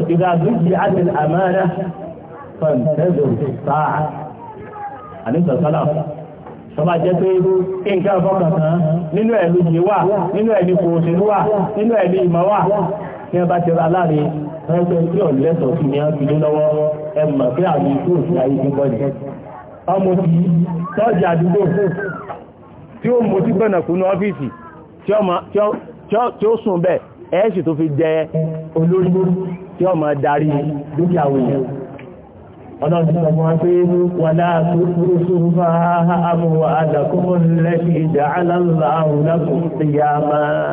إذا رجعت الأمانة فانتظر الساعة àníṣà sálà sọba jẹ́ pé kíǹkà fọ́kàntán nínú ẹ̀lú yìí wà nínú ẹ̀lú kòòṣèlú wà nínú ẹ̀lú ìmọ̀ wà ní ọba ti ra láàrin rẹ́pẹ́ tí ò lẹ́sọ̀ sí ni a fi lé lọ́wọ́ ẹ mọ̀ pé àmì ikú òsì ayé ti bọ́ ni ọmọ ti tọ́jú àdúgbò tí ó mú sí gbẹ̀nàkú ní ọ́fíìsì tí ó sùn bẹ́ẹ̀ ẹ̀ sì tó fi jẹ olórí tí ó máa darí dúkìá wòye ọlọ́run sọ wọn pé wà láàtú fúrúfúrúfà àmú wà àdàkùnmọ́ lẹ́kì ìjà aláàlá àrùnlákùn ìyá máa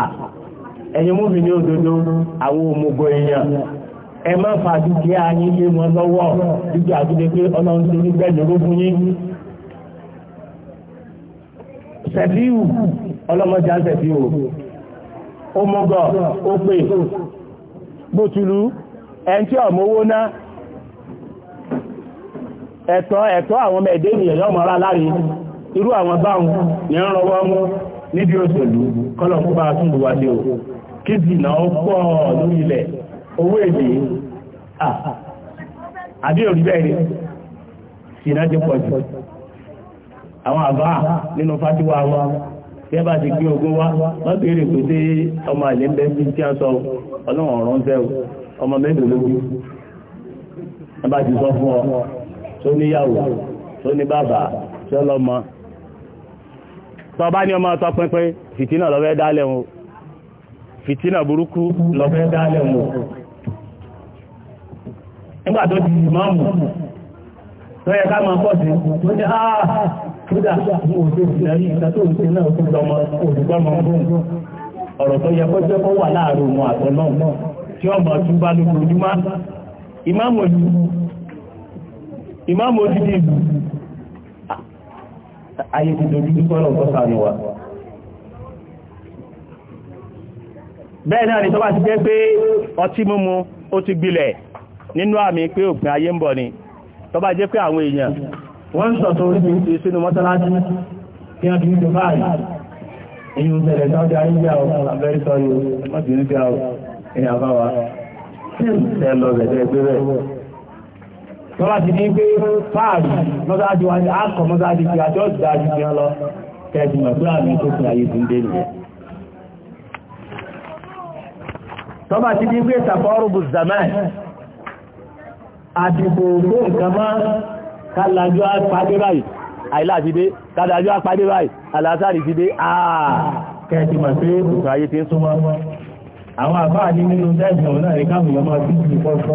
à ẹ̀yin múbi ní òdodo àwọn òmùgbò èèyàn ẹ má fa dúkìá yín lé wọn lọ́wọ́ dúkìá tó dé pé ọlọ́run ti ní gbótulú ẹn tí ọmọ owó ná ẹ̀tọ́ ẹ̀tọ́ àwọn ọmọ ẹ̀dẹ́ ènìyàn yọ́ mọ́ra láàrin irú àwọn báhùn ní ń rọwọ́ níbi òṣèlú kọ́lọ̀ kó bá o kí zìnà ó pọ̀ lórí ilẹ̀ owó èlé àbí àwọn àbá nínú kí ẹ bá ti gbé ogún wá wọ́n béèrè pé ọmọ àlè sí tí a sọ ọlọ́run ọ̀rọ̀ ń fẹ́ o ọmọ mẹ́rin lógún ẹ bá ti sọ fún ọ tó níyàwó tó ní bàbá tó lọ́mọ tó bá ní ọmọ ọtọ pínpín fìtínà lọ́fẹ́ dálẹ̀ wọn fìtínà burúkú lọ́fẹ́ dálẹ̀ wọn nígbà tó ti máàmù tó yẹ ká máa pọ̀ sí tó ní àà ah, kódà ní òjò ìrìnàrí ìta tó ń ṣe náà tó lọmọ olùgbọ́mọ ọdún ọ̀rọ̀ tó yẹ kó jẹ́ kó wà láàrin òun àtọ̀ náà tí ọmọ tún bá lójoojúmọ́ ìmáàmù òjì ìmáàmù òjì dìbò ayé ti dojú ní kọ́lọ̀ tó sànù wa bẹ́ẹ̀ náà ni tó bá ti jẹ́ pé ọtí mímu ó ti gbilẹ̀ nínú àmì pé òpin ayé ń bọ̀ ni tó bá jẹ́ pé àwọn èèyàn wọ́n sọ tó orí ti sínú mọ́tálásí kí wọ́n fi ń jọba èyí ń tẹ̀lẹ̀ sáwọ́dí ayébíà ọ̀ abẹ́rí sọ́rí mọ́tìní ní pé fáàrí mọ́sáájú wa ní àkọ́ ti lọ kẹ́ẹ̀dì mọ̀ zaman àdìbò kálájú àpàdé báyìí àìlá ti dé kálájú àpàdé báyìí alásàrì ti dé kẹ́ẹ̀tì mọ̀ sí ìtò ayé ti ń súnmọ́ àwọn àbáà ní nínú tẹ́ẹ̀sì ọ̀nà ìkáwùn yọmọ sí ti pọ́ sí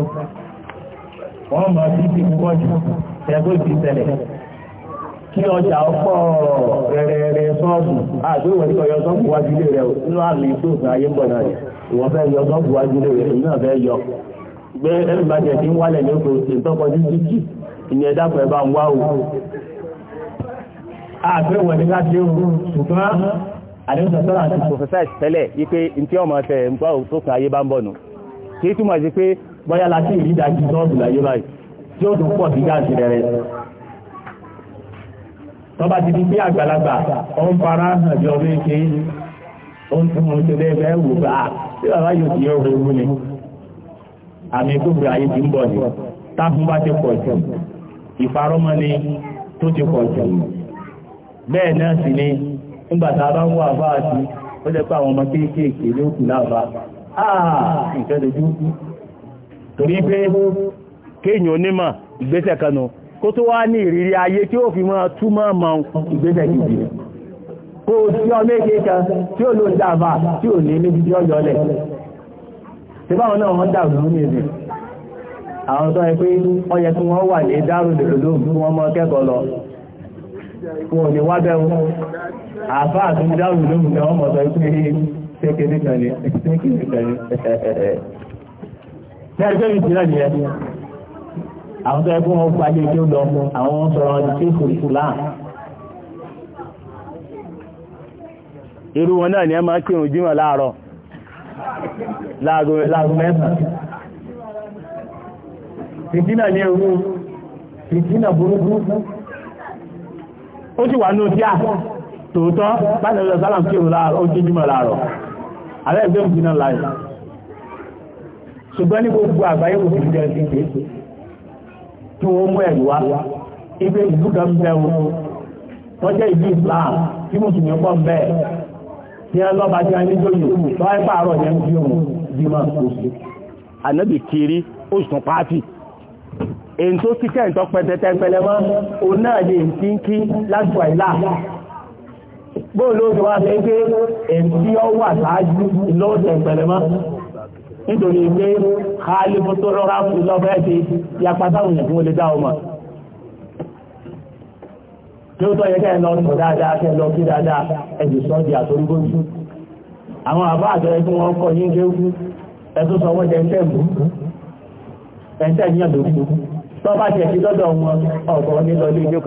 wọ́n mọ̀ sí ti pọ́ sí ẹgbẹ́ ti tẹ̀lẹ̀ kí ọjà ọpọ̀ rẹ̀rẹ̀rẹ̀ sọ́ọ̀sù àti ìwọ̀n ní ọyọ sọ́ọ̀sù wájú ilé rẹ̀ nínú àmì ìtòsùn ayé ń bọ̀ náà rẹ̀ ìwọ̀n fẹ́ yọ sọ́ọ̀sù wájú rẹ̀ náà fẹ́ yọ gbé ẹlùbàjẹ̀ ìyẹn ẹ̀dàpọ̀ ẹ̀bá ń wá o àgbẹ̀wọ̀ ní láti ó ṣùgbọ́n àdéhùsọ̀sọ́rọ̀ àti pòfẹ́sẹ̀ tẹ́lẹ̀ wípé tí ọmọ ọ̀sẹ̀ ń gbọ́ tó kàn ayé bá ń bọ̀nù kí túmọ̀ sí pé bọ́yá láti ìrídájú sọ́ọ̀bù láyé báyìí tí ó tún pọ̀ sí gáàsì rẹ̀ tọ́ba ti di pé àgbàlagbà ó ń fara hàn jọ bí ṣe ó ń tún oṣù lẹ́ẹ̀fẹ́ wò bá tí ah, bàbá yóò ti yọ ọ̀rọ̀ ewu ni àmì gbogbo ayé ti ń bọ̀ ni táfún bá ti pọ̀ sí ìparọ́mọ́ ni tó ti jù bẹ́ẹ̀ náà sì ni nígbàtà bá wà bá àti ó jẹ́ pé àwọn ọmọ ló kù láàbá àà nǹkan lójú torí pé kéèyàn onímọ̀ ìgbésẹ̀ kanu kó tó wá ní ìrírí ayé tí ó fi máa ma ìgbésẹ̀ kó tí ọ tí ó tí ní àwọn tó ẹ pé wọ́n yẹ kí wọ́n wà ní dárò lòdòdó kí wọ́n mọ kẹ́kọ̀ọ́ lọ wọn ò ní wá bẹ́ẹ̀ wọn àfáà tó ní dárò lòdòdó ni wọ́n mọ̀ sọ pé kékeré kan ní kékeré kan ní bẹ́ẹ̀ tó ní ìtura nìyẹn àwọn tó ẹ pé wọ́n fún ajé kí ó lọ àwọn sọ̀rọ̀ ṣé kò sí láà irú fìtínà ní ewu fìtínà burúkú ó sì wà ní ojú à tòótọ́ báyìí lọ sálàm kí ó jẹ́ jùmọ̀ láàrọ̀ alẹ́ ẹgbẹ́ òfìnà láì ṣùgbọ́n ní gbogbo àgbáyé òfin jẹ́ ti pé kí wọ́n mú ẹ̀rù wá ibi ìbúdọ̀ ń bẹ̀rù wọ́n jẹ́ ìlú Islam tí mùsùlùmí pọ̀ ń bẹ̀ tí wọ́n lọ́ba tí wọ́n ní jòyè tó wáyé pààrọ̀ yẹn ń bí òun bímọ òsì. ànábì kiri oṣù pàtì èyí tó kí kẹ́ǹtọ́ pẹ̀tẹ̀tẹ̀pẹ̀lẹ̀ mọ́ òun náà lè tí ń kí láti wà ìlà bóò ló ti wá fẹ́ pé èyí tí ó wà sáájú ìlọ́ọ̀tẹ̀pẹ̀lẹ̀ mọ́ nítorí pé kálífù tó rọra fún lọ́fẹ́ ti yapa táwọn èèyàn tí wọ́n lè dá ọmọ tí ó tọ́ yẹ kẹ́ lọ sọ dáadáa kẹ́ lọ kí dáadáa ẹ̀jù sọ di àtorígbójú àwọn àbá àtọ́rẹ́ tí wọ́n kọ́ yí ń gé ẹ̀tún sọ wọ́n jẹ́ ń tó bá jẹ́ sí lọ́dọ̀ wọn ọ̀gọ́ nílọ ilé ìjọ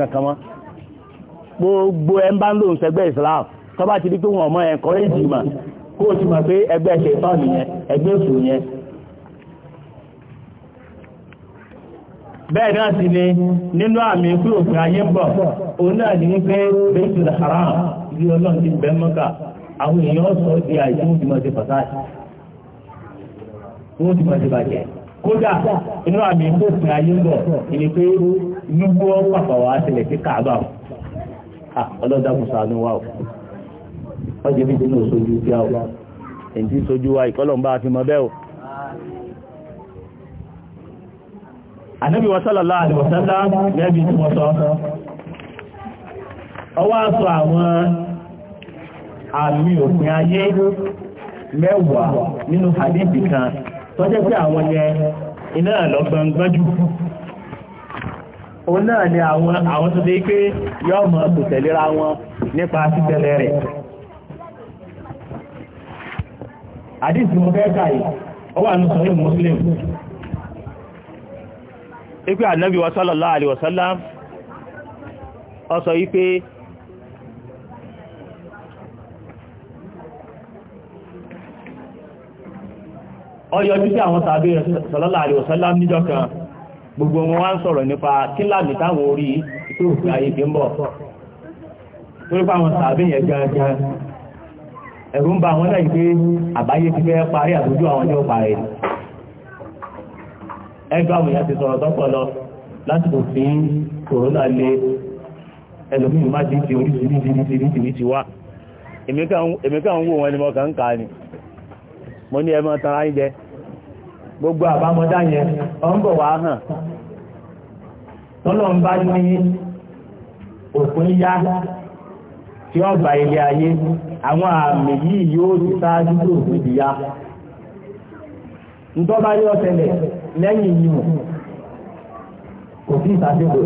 gbogbo ẹ ń bá ń sẹgbẹ́ Islam tó bá ti rí pé wọn ọmọ ẹ̀kọ́ èjì kó o ti pé ẹgbẹ́ ṣe ẹgbẹ́ ni nínú àmì pé òfin ayé ń bọ̀ òun náà ní pé Haram ọlọ́run ti àwọn èèyàn sọ di àìsí ti mọ̀ ti bàjẹ́ kódà inú àmì ń bòfin ayé ń bọ̀ ìní pé gbogbo pàpà wà á tilẹ̀ sí káàbà o ọlọ́dà mùsàánú wa o wọ́n jẹ́ bí sínú sojú sí àwọn èyí tí sojú wa ìkọlọ̀ ń bá a fi mọ bẹ́ẹ̀ o. ànábì sallallahu alaihi wasallam lẹ́bi tí wọ́n sọ ọwọ́ àṣọ àwọn àmì òpin ayé mẹ́wàá nínú hadithi kan tọ́jẹ́ pé àwọn yẹn iná lọ́gbọ̀ngbọ́n jù o náà ni àwọn tó dé pé yọ́ mọ̀ kò tẹ̀lera wọn nípa títẹ̀lé rẹ̀ àdíjì mo fẹ́ káyì ó wà ní sọ́yìn muslim ipé ànábì sallallahu alaihi wasallam ó sọ yí pé ọyọjú sí àwọn tàbí sọlọ́lá àríwọ̀sọ́lá níjọ́ kan gbogbo wọn wá ń sọ̀rọ̀ nípa kílàmì táwọn orí tó rùfẹ́ ayé fi ń bọ̀ torí pa àwọn tàbí yẹn gangan ẹ̀rù ń ba àwọn náà pé àbáyé ti fẹ́ parí àbójú àwọn yóò parí ẹgbẹ́ àwọn èèyàn ti sọ̀rọ̀ tọ́pọ̀ lọ lásìkò tí kòrónà lé ẹlòmíì má ti ti oríṣiríṣiríṣiríṣirí ti wá èmi kàn ń wò wọn ni mo kàn ń kà ni mo ní ẹ mọ́ tan ayé jẹ́ gbogbo àbámọ́dá yẹn ọ ń bọ̀ wá hàn tọ́lọ́ ń bá ní òpin yá tí ó bá ilé ayé àwọn àmì yìí yóò ti sáájú tó òfin di yá ntọ́ba yóò tẹ̀lẹ̀ lẹ́yìn yìí kò sí ìtàsíkò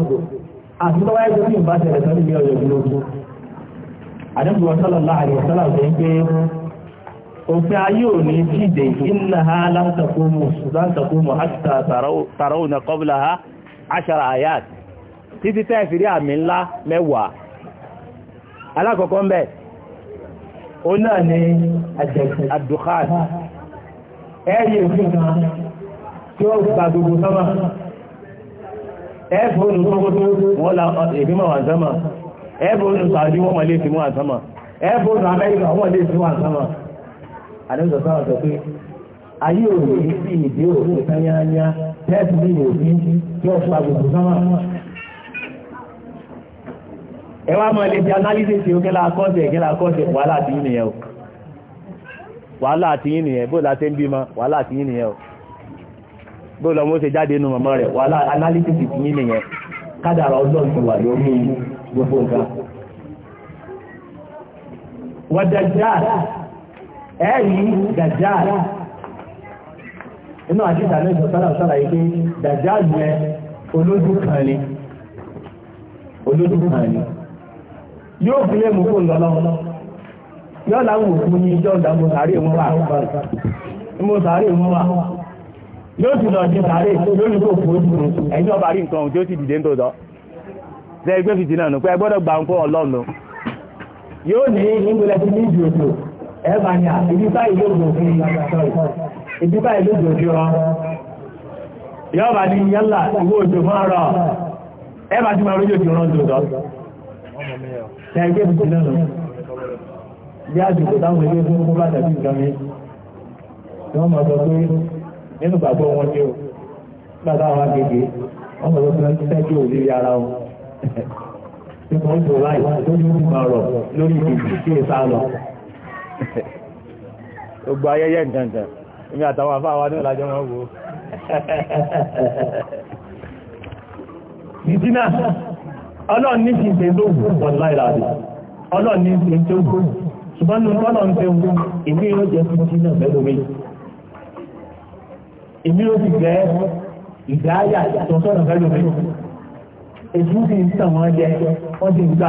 àti yóò tẹ̀lẹ̀ sọ́dún ní ọ̀yọ́ láàrin òfin ayé ò ní dìde iná ha láńtàkómù àtà tàràó na kọ́bùlá ha aṣara ayat títí tẹ́ fìrí àmì ńlá mẹ́wàá alákọ̀ọ́kọ́ mẹ́ o náà ni àdùkán ẹ̀yẹ òfin kan tí ó gba gbogbo sọ́mà ẹ̀fọ́ olùkọ́kọ́tọ́ wọ́n la ẹ̀fọ́ olùkọ́kọ́tọ́ wọ́n wọ́n lè àdéhùn sọ̀rọ̀ sọ pé ayé òwe sí ìdí òwe tányányá tẹ́ẹ̀sì ní ìròyìn tí ó pa gbogbo sọ́mà. ẹ wá mọ ilé ti analysis ó kẹ́lá akọ́sẹ̀ kẹ́lá akọ́sẹ̀ wàhálà àti yín nìyẹn o wàhálà àti yín nìyẹn bó la ṣe ń bímọ wàhálà àti yín nìyẹn o bó lọ mọ́ ṣe jáde nù mọ̀mọ́ rẹ̀ wàhálà analysis ti yín nìyẹn kádàrà ọlọ́run ti wà lórí gbogbo nǹkan. wọ́n dẹ̀ dáa ẹ̀rí dàjáàlì inú àdíjà ní ìjọsára sára ike dàjáàlì ẹ olójú kan ni olójú kan ni yóò fi lé mú fún lọ́lọ́wọ́ yóò láwọn òkú ní ìjọ ìdàgbò sàárè wọn wà mo sàárè wọn wà yóò sì lọ sí sàárè yóò ní kò fún ojú ẹ̀yìn ọba rí nǹkan tí ó sì dìde ń tòótọ́ ṣe ẹgbẹ́ fìtínà nù pé ẹ gbà ń kó ọlọ́run yóò ní ní ìdí òkú ẹ̀ẹ́bà ni àbíbí báyìí lóògbò fún ìbí báyìí lóògbò yálà ìwó òjò máa rọ̀ ẹ̀ẹ́bà tí máa rójò jù rán jù lọ ẹgbẹ́ bí àjùkù táwọn ilé fún kó bá tàbí wọ́n gbàgbọ́ wọn o àwọn agbègbè wọ́n máa sọ pé ara wọn láì rọ̀ lórí gbogbo ayẹyẹ nǹkankan èmi àtàwọn àfáà wa náà lájọ wọn wò ìdínà ọlọ́run ní ṣe tó wọ́n láìláàdì ọlọ́run ní ṣe tó wọ́n ṣùgbọ́n ní ọlọ́run tẹ wọ́n èmi yóò jẹ́ fún dínà mẹ́lòmí èmi yóò sì jẹ́ ìdáyà ìtọ́sọ́nà mẹ́lòmí èsù sì ń tàn wọ́n jẹ́ wọ́n sì ń gbà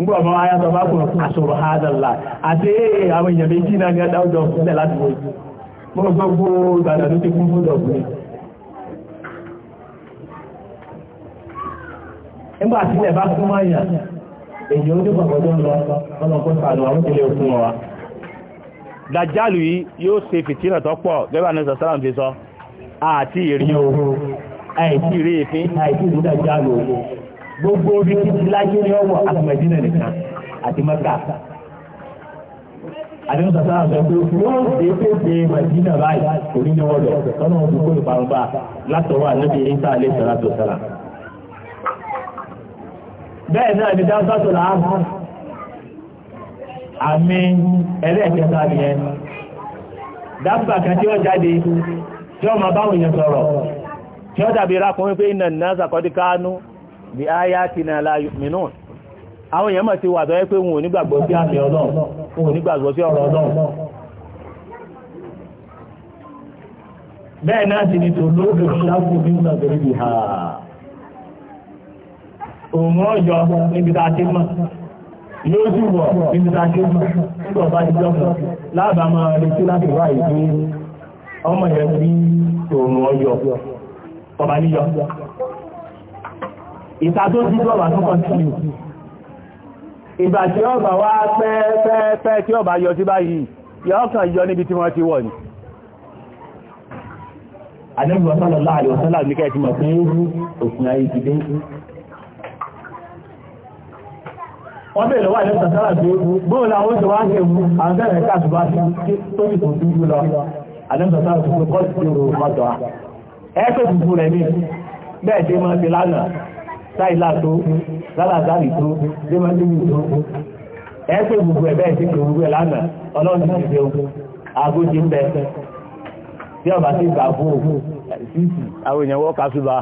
ngbọ́ ọmọ ayátọ̀ bá kùn àṣọ̀rọ̀ hádàlá àti eh, àwọn èèyàn méjì náà ní ọdáwọ́dọ̀ sílẹ̀ láti wọ́jú mọ́ gbogbo ìgbàdà ló ti kún fún dọ̀gbìn nígbà sílẹ̀ bá kún mọ́yà èyàn ó dúpọ̀ gbọ́dọ̀ lọ ọlọ́pọ̀ sàlọ̀ àwọn ìpínlẹ̀ òkun wa dàjálù yìí yóò ṣe fìtínà tó pọ̀ gẹ́gbà ní sọ̀sọ́lá ti sọ àti ìrí ohun àìsí ìrí ìfín àìsí ìrí dàjálù ohun gbogbo orí títí láyé ní ọwọ́ àtìmọ̀dínà nìkan àti mẹ́ta àdéhùn sàtà àgbẹ̀ pé yóò ṣe é pèsè màdínà báyìí orí ní wọ́dọ̀ tọ́nà ọdún kó ìparunba látọwọ́ ànábì ìsá alẹ́ sàrà tó sàrà bẹ́ẹ̀ náà ni dáńsá tó là á àmì ẹlẹ́ẹ̀kẹta nìyẹn dáńsá kan tí ó jáde tí ó máa báwọn èèyàn sọ̀rọ̀ tí ó dàbí rákùnrin pé iná ìnáṣà kọ́dí káánú bí ayatina la yu'minun àwọn èèyàn mọ̀ ti wà tọ́ pé wọn ò nígbàgbọ́ sí àmì ọlọ́run wọn ò nígbàgbọ́ sí ọ̀rọ̀ ọlọ́run bẹ́ẹ̀ náà sì ni tó lóògbé ṣáàpù bí wọn àgbẹ̀rẹ̀ bí ha òun ọjọ́ níbi tá a ti mọ̀ yóò sì wọ̀ níbi tá a ti mọ̀ nígbà bá ti jọ́kọ̀ lábàá máa retí láti wá ìgbé ọmọ yẹn bí òun ọjọ́ ọba níyọ ìta tó ti dọ́wà tó kọ́ntínú ìgbà tí ọba wá pẹ́ẹ́pẹ́ tí ọba yọ sí báyìí yọ́ kàn yọ níbi tí wọ́n ti wọ̀ ní àdẹ́gbẹ̀ sallallahu alaihi wasallam ní kẹ́ẹ̀tí mọ̀ pé òfin ayé ti dé wọ́n bèèrè wà ní sàtàrà tí ó bóò láwọn oṣù wá ń kèwú àwọn tẹ́rẹ̀ káàkiri wá sí tó ní tòun dúdú lọ àdẹ́sàtàrà tó kọ́ sí ìrò mọ́tọ̀ ẹ́ tó dùdú rẹ̀ ní bẹ́ẹ̀ tí mọ́ sí lánàá sáìlá tó lálàzárì tó démọ́dúnmù tó gbogbo ẹ̀bẹ́ ti sí gbogbo ẹ̀ lánàá ọlọ́run ti ṣe aago ti ń bẹ tí ọba ti gbà fún òkú síìsì àwọn èèyàn wọ kásùbà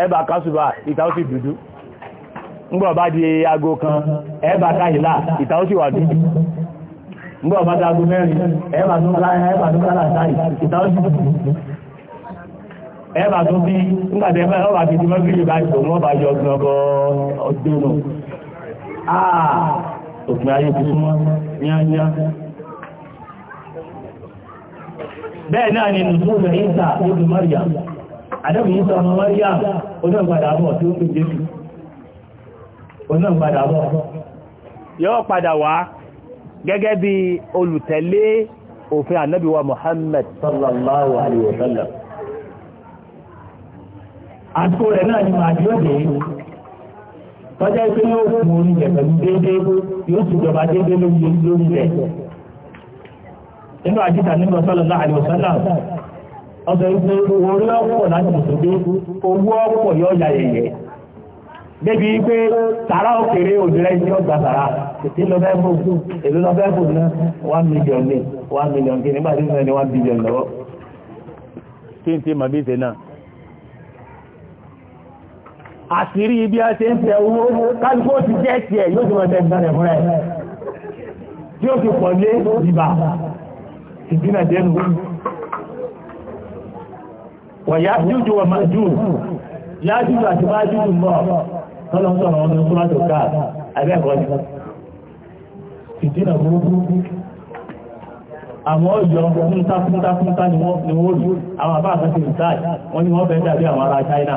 ẹ̀ẹ́bà kásùbà ìta ó sì bá di aago kan ẹ̀ẹ́bà sáìlá ìta ó sì wà dúdú ńgbọ̀ bá di aago mẹ́rin ẹ̀ẹ́bà tó kálà sáì ìta ó sì dúdú ẹ̀bà tó bí nígbàtí ẹ̀bà ọba ti di mọ́gírí báyìí tó wọ́n bá yọ gbọ́gbọ́ ọdún nù àà ah, òpin ayé ti súnmọ́ yányá bẹ́ẹ̀ náà ni nùsùlùmí ìsà ìlú Maria adábì ìsà ọmọ Maria onáàgbàdà bọ̀ tí ó pè Jésù onáàgbàdà bọ̀ yóò padà wá gẹ́gẹ́ bí olùtẹ̀lé òfin ànábì wa Muhammad sallallahu alaihi wasallam àtò rẹ̀ náà ni màá di òde tọ́jà pé yóò fún oúnjẹ pẹ̀lú déédéé yóò sì jọba déédéé lórí lórí rẹ̀ nínú àdìsá nínú ọ̀sán lọ́la àdìsọ́lá ọ̀sẹ̀ ìpè orí ọ̀pọ̀ láti mùsùlùmí owó ọ̀pọ̀ yóò ya yẹ̀yẹ̀ débi pé tààrà òkèrè òdìrẹ́ ìdí ọgbà tààrà ètí lọ́fẹ́ fò èlú lọ́fẹ́ fò ná one million ní one kí nígbà tí ó lọ́wọ́. n ti náà àṣírí ibi a ṣe ń tẹ owó kálùkù ó ti jẹ́ ti ẹ̀ yóò ti tẹ́ ìgbàlẹ̀ fún tí ó ti pọ̀ lé ìbà ìdínà jẹ́nu wọ̀yá jújú wọ máa jù yá àti máa mọ́ ni ni wọ́n rí àwọn wọ́n ni wọ́n àwọn ará China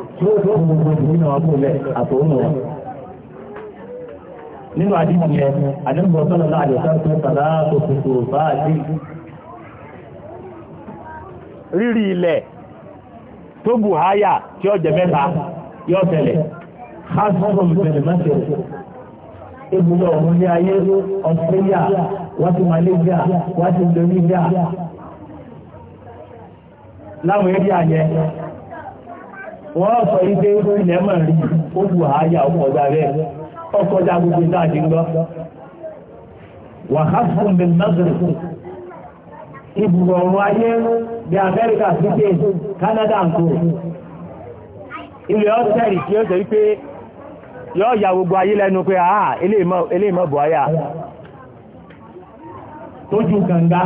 yóò tó nínú àdínú yẹn àdínú sọ́nà náà àdìsá tó tàdá tó bá ilẹ̀ tó bù háyà tí mẹ́ta yóò tẹ̀lẹ̀ wọ́n sọ ipé ilẹ̀ mọ̀ rí ó bù ọkọ̀já rẹ̀ ọkọ̀já gbogbo dáàdì ń lọ wàhásùn bin nazari ibùdó ayé bí amẹ́ríkà canada nkó ilẹ̀ ọ̀sẹ̀rì tí ó sọ yóò ya gbogbo ayé lẹ́nu pé àá eléèmọ̀ bọ̀ ayá tójú náà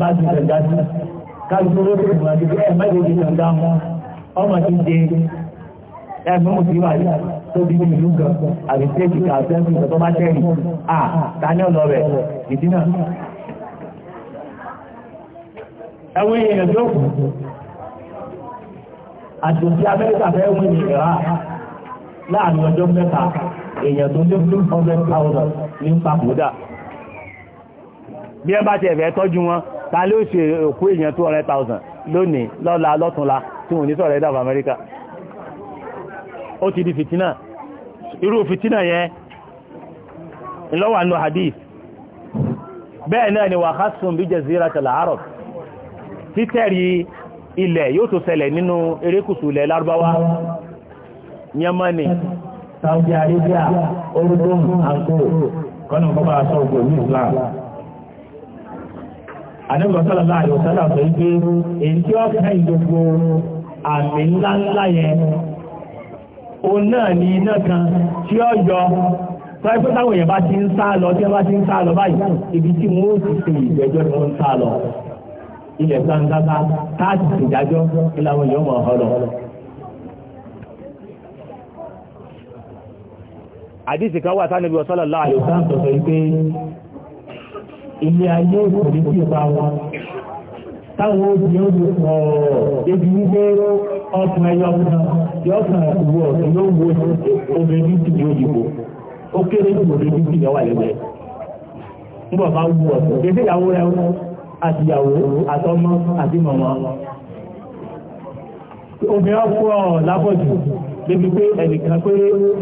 bá ganga sí ló tó ọmọ ti dé ẹgbẹ́ mo ti wà yìí tó bí ìlú gan àbí stéèkì kan àti ẹgbẹ́ ìgbà tó bá tẹ̀lé à tani ọ̀nà rẹ̀ ìdínà. ẹwọ èèyàn tó kù àtúntí Amẹ́ríkà fẹ́ wọ́n ní ìrà láàrin ọjọ́ mẹ́ta èèyàn tó lé two hundred thousand ní papòdà. bí ẹ bá tiẹ̀ fẹ́ tọ́jú wọn ta ló ṣe òkú èèyàn two hundred lónìí lọ́la lọ́túnla tí wọ́n ní sọ̀rọ̀ ẹ̀dà of America ó ti di fìtínà irú fìtínà yẹn ńlọ́wà nù hadith bẹ́ẹ̀ náà ni wàhásùn bí jẹ́zíra tẹ̀lá arab títẹ̀rí ilẹ̀ yóò tó ṣẹlẹ̀ nínú erékùsù ilẹ̀ lárúbáwá yamani saudi arabia orudun anko kọ́nà kọ́bà aṣọ ògbò ní islam anẹ́gbọ̀sọ́lọ́lá àyọ̀sọ́lá sọ ipé èyí tí ó kẹ́ ìgbogbo àmì ńláńlá yẹn o náà ni iná kan tí ó yọ tọ́jú táwọn èèyàn bá ti ń sá lọ tí wọ́n bá ti ń sá lọ báyìí ibi tí wọ́n ti ṣe ìgbẹ́jọ́ ni wọ́n ń sá lọ ilẹ̀ gbangba táàtì ìdájọ́ kí làwọn mọ̀ ọ́ lọ. àdìsí kan wà sánibí sallallahu alaihi wasallam sọ̀tọ̀ ilé ayé kò ní sí ipa wọn táwọn obìnrin ó di ọ̀ọ̀ ebi wípé ọkùnrin ẹyọ kan yóò kàn wọ yóò wo obìnrin tí yóò dìbò ó kéré jù obìnrin tí yóò wà lẹ́gbẹ̀ẹ́ nígbà bá wù ọ̀ kéde ìyàwó rẹ àtìyàwó àtọmọ àti mọ̀mọ́ obìnrin ọkọ lábọ̀jù débi pé ẹnìkan pé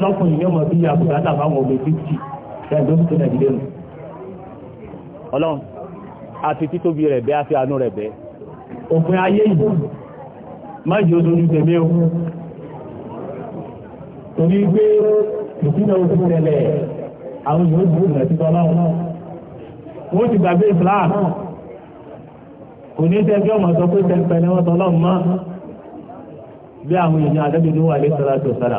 lọ́kùnrin yóò mọ̀ bí àbùkátà fáwọn obìnrin fífì ẹ̀dọ́ tó nàìjíríà ọlọ́run àti títóbi rẹ̀ bẹ́ àti àánú rẹ̀ bẹ́ òpin ayé yìí májì ó lórí tẹ̀mí o torí pé ìpínlẹ̀ ogun tẹ̀lẹ̀ àwọn yóò gbé ìrìnà títọ́ ọlọ́run wọ́n ti gbàgbé Islam kò ní tẹ́gbẹ́ ọmọ sọ pé tẹ́gbẹ́ ni wọ́n tọ́lọ́run mọ́ bí àwọn èèyàn adébìnrin wà lè sọ́ra tó sára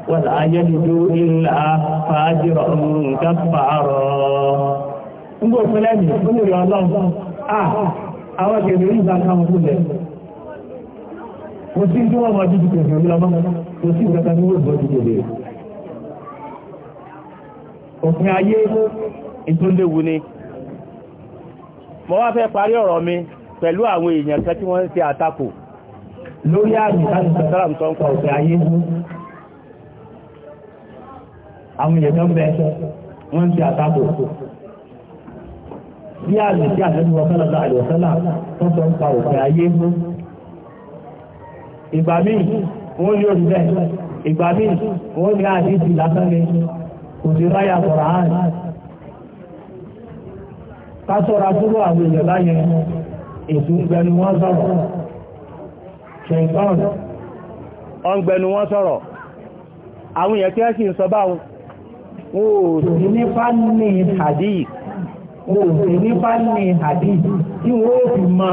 ولا يجدوا إلا فاجرا كفارا ń bò fún lẹ́mì olórí ọlọ́run àwọn kèrè ìgbà káwọn kú lẹ̀ kò sí tí wọ́n máa jíjù kèrè orí ọmọ kò sí ìgbàta ní wọ́n bọ́jú kèrè òfin ayé ètò léwu ni mo wá fẹ́ parí ọ̀rọ̀ mi pẹ̀lú àwọn èèyàn kan tí wọ́n ń àtakò lórí àmì láti sọ̀tàràmù tó ń pa òfin ayé àwọn èèyàn kan bẹ wọ́n ń ṣe àtakò bí àlè tí àtẹ́bí wọn sọ́lá àlè ọ̀sọ́lá tó sọ ń pa òfin ayé mú ìgbà míì wọ́n ní orí bẹ́ẹ̀ ìgbà míì wọ́n ní àdíjì lásán ni kò sí ráyà kọ̀rọ̀ àárín ká sọ́ra kúrò àwọn èèyàn láyẹn ètò ìgbẹnu wọn sọ̀rọ̀ ṣèǹtọ́n ọ̀ǹgbẹnu wọn sọ̀rọ̀ àwọn èèyàn kí wọ́n sì ń sọ báwọn wọn ò sí ní fánì hadith wọn ò sí ní fánì hadith tí wọn ò fi mọ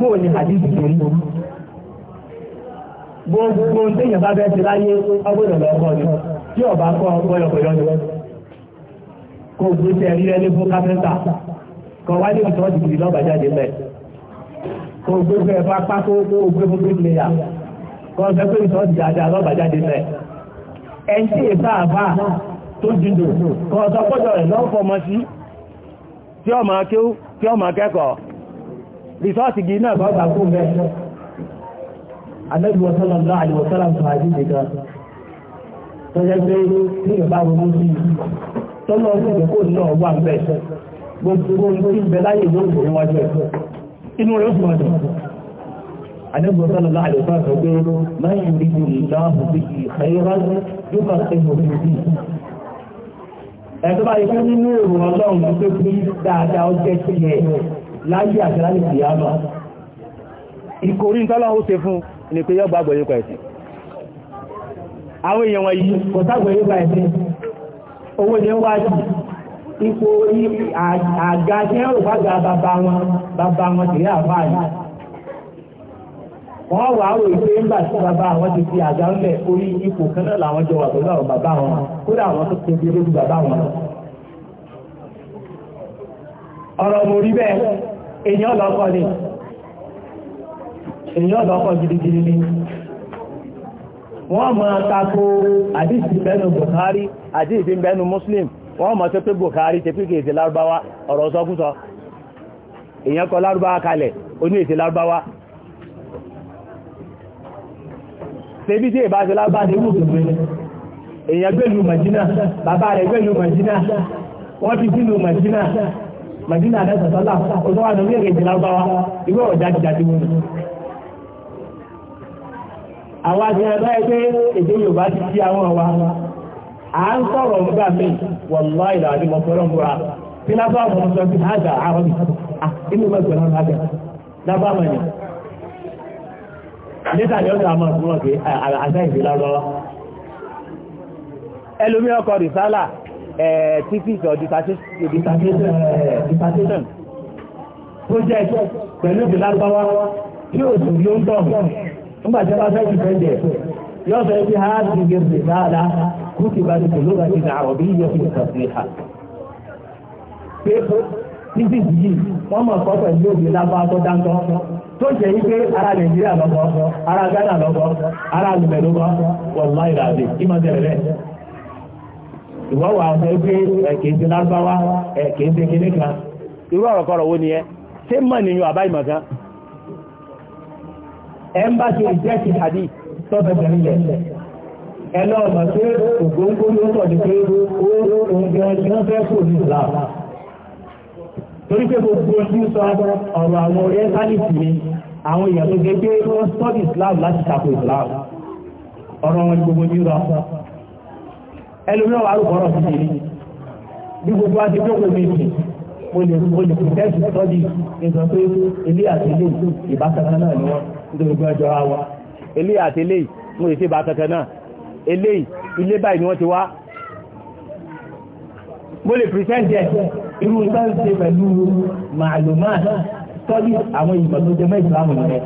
bóò ní hadith tó ń lò gbogbo téèyàn bá bẹ́ẹ̀ ti láyé ọgbọ́dọ̀ lọ́kọ́ ni tí ọba kọ́ ọgbọ́yọ̀kọ̀yọ́ ni kò gbé tẹ rí ẹni fún káfíńtà kọ wá ní ìtọ́ dìbìrì lọ́ba jáde mẹ́ kò gbé fún ẹ̀fọ́ apá kó gbé fún bí pléyà kọ́ ọ fẹ́ pé ìtọ́ dìbìrì lọ́ba mẹ́ ẹ̀ tó jìndò kan ọ̀sán pọ́jọ rẹ̀ lọ́n fọmọ sí tí ọmọ akéwú tí ọmọ akẹ́kọ̀ọ́ rìsọ́ọ̀tì gí náà kọ́ gbàgbó mẹ́ Ànábì sallallahu alaihi wasallam tó àjí nìkan tó jẹ́ pé ní ìbáwọn mú sí tọ́lọ́ sí ìdókò náà wà yóò wò níwájú ẹ̀ inú rẹ̀ صلى الله عليه وسلم يقول ما يريد الله به خيرا يفقهه في الدين ẹ̀tọ́ bá yẹ nínú èrò ọlọ́run tó pé dáadáa ó jẹ́ sí ẹ̀ láyé àti láyé sí àmà ìkórí tọ́lọ́ ó ṣe fún ní pé yọ́gbà gbọ́ yípa ẹ̀sìn àwọn èèyàn wọ̀nyí kò sáàgbọ̀ ẹ̀sìn owó ni ó wájú ipò àga tí ẹ̀rọ bá ga bàbá wọn bàbá wọn tìrí àfáà yìí wọ́n wà á wòye pé nígbà tí bàbá àwọn ti fi àga ńlẹ̀ orí ipò kan náà làwọn jọ wà pẹ̀lú àwọn bàbá wọn kódà àwọn tó tóbi lójú bàbá wọn. ọ̀rọ̀ mo rí bẹ́ẹ̀ èèyàn lọ́kọ ni èèyàn lọ́kọ gidigidi ni wọ́n máa tako àdìsí bẹ́nu Bukhari àdìsí bẹ́nu Muslim wọ́n máa tó pé Bukhari tẹ́pí kèèsè lárúbáwá ọ̀rọ̀ sọ́kúsọ èèyàn kọ lárúbáwá kalẹ̀ oní èsè lárúbáwá tẹ́bí tí ìbáṣe lábá ní mùsùlùmí èèyàn gbèlú màjínà bàbá rẹ̀ gbèlú màjínà wọ́n ti sínú màjínà màjínà rẹ̀ sọ̀tọ́lá ní orílẹ̀ èdè ìwé ọ̀já ti wọn. àwọn àti ẹ̀rọ ẹ èdè Yorùbá ti níta ni ó sá mọ̀ tí wọ́n pé àṣà ìdí lọ́rọ́ ẹlòmí ọkọ̀ rìsálà títí ìsọ̀ dissertation project pẹ̀lú ìdí lágbáwá tí ó sì ló ń tọ̀ nígbàtí wọ́n fẹ́ ìfẹ́jẹ̀ yóò fẹ́ bí ha ti gé rìsálà kú ti bá ti tòlóbà ti nà àrọ̀bí yẹ fi ìsọ̀ sí ha physics yìí wọ́n mọ̀ nǹkan pẹ̀lú òbí lábá tó dáńtọ́ tó jẹ́ wípé ara nàìjíríà ara ghana lọ́kọ́ ara lùmẹ̀ lọ́kọ́ wọ̀lá ìràdè ìmọ̀ tẹ̀lẹ̀ rẹ̀ ìwọ́ wà sọ pé ẹ̀kẹ́ ti lárúbáwá ẹ̀kẹ́ ti kíní kan irú ọ̀rọ̀ kọ̀rọ̀ wo ni ẹ ṣé mọ̀ nìyàn àbá ìmọ̀ kan ẹ ń bá ṣe ìjẹ́ ti hàdí tó bẹ̀rẹ̀ nílẹ̀ ẹ lọ́ọ̀mọ̀ pé ògbóngbó ló sọ̀ ní pé ó ń ní torí pé gbogbo tí ń sọ ọ̀rọ̀ àwọn orientalist ni àwọn èèyàn tó gẹ́ pé wọ́n study Islam láti tako Islam ọ̀rọ̀ wọn gbogbo ní rọ ẹlòmíràn wà lóko ọ̀rọ̀ sí ni bí gbogbo àti tó gbogbo ìsìn mo lè mo lè protest study nígbà pé ilé àti ilé ìbákankan náà ni wọ́n nítorí pé ọjọ́ wa wa ilé àti ilé mo lè ṣe ìbákankan náà ilé ilé báyìí ni wọ́n ti wá mo lè present ẹ̀ irú nǹkan ṣe pẹ̀lú màlúmá tọ́jú àwọn ìgbà tó jẹ mọ́ ìsìlámù rẹ̀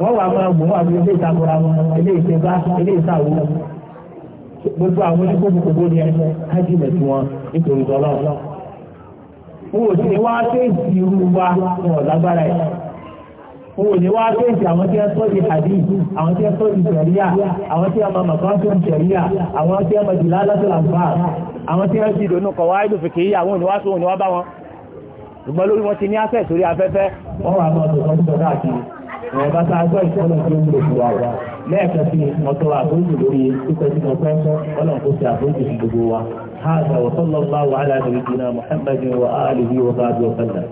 wọ́n wà máa wò wọ́n àwọn ilé ìtakùrà wọn ilé ìṣẹ́gbá ilé ìṣàwò gbogbo àwọn oníkókòkòkò ni ẹ kájú mẹ̀ sí wọn nítorí tọ́lọ́ wọn ò sì wá kéèsì irú wa wọn ò lágbára ẹ̀ wọn ò ní wá kéèsì àwọn tí wọ́n sọ́ọ̀dì hadith àwọn tí wọ́n sọ́ọ̀dì sẹ̀ríà àwọn tí wọ́n máa màkàn tó ń sẹ̀ríà àwọn tí wọ́n máa dìlá lọ́sọ̀lá àwọn tí wọ́n ti dònú kọ̀ wá ìlú fìkì yìí àwọn òníwá sóhun ni wọ́n bá wọn ṣùgbọ́n lórí wọn ti ní access orí afẹ́fẹ́ wọ́n wà mọ́ ọ̀tọ̀ tó káàkiri wọ́n bá sá gbọ́ ìṣọ́nà tó ń lò fún wa wá lẹ́ẹ̀kan sí ọ̀tọ̀ àbójì lórí pípẹ́ sí ọ̀tọ̀ ọlọ́run kó ṣe àbójì fún gbogbo wa. هذا وصلى الله على نبينا محمد وآله وصحبه وسلم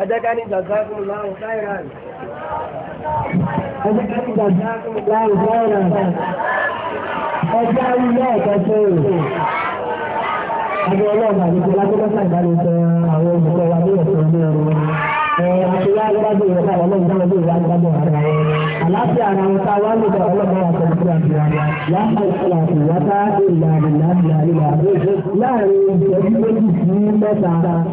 أدكاني جزاكم الله خيرا أدكاني جزاكم الله خيرا أجعل الله كثير Adé ọlọ́ọ̀gbà ní Ṣọlá tó lọ́sà ìbánisẹ̀ àwọn olùkọ́ wa ní ẹ̀sẹ̀ ilé ẹ̀rọ. Àti wá gbájú ìrọ̀lá ọlọ́run tó lọ́dún ìwà gbájú ara wọn. Àlàáfíà ara wọn táwa ń lòdà ọlọ́gbà wa pẹ̀lú sí àti ara. Yàtọ̀ ìṣẹ̀lẹ̀ àti ìwátá ìlànà ìlànà ìlànà láàrin ìṣẹ́jú méjì sí mẹ́ta.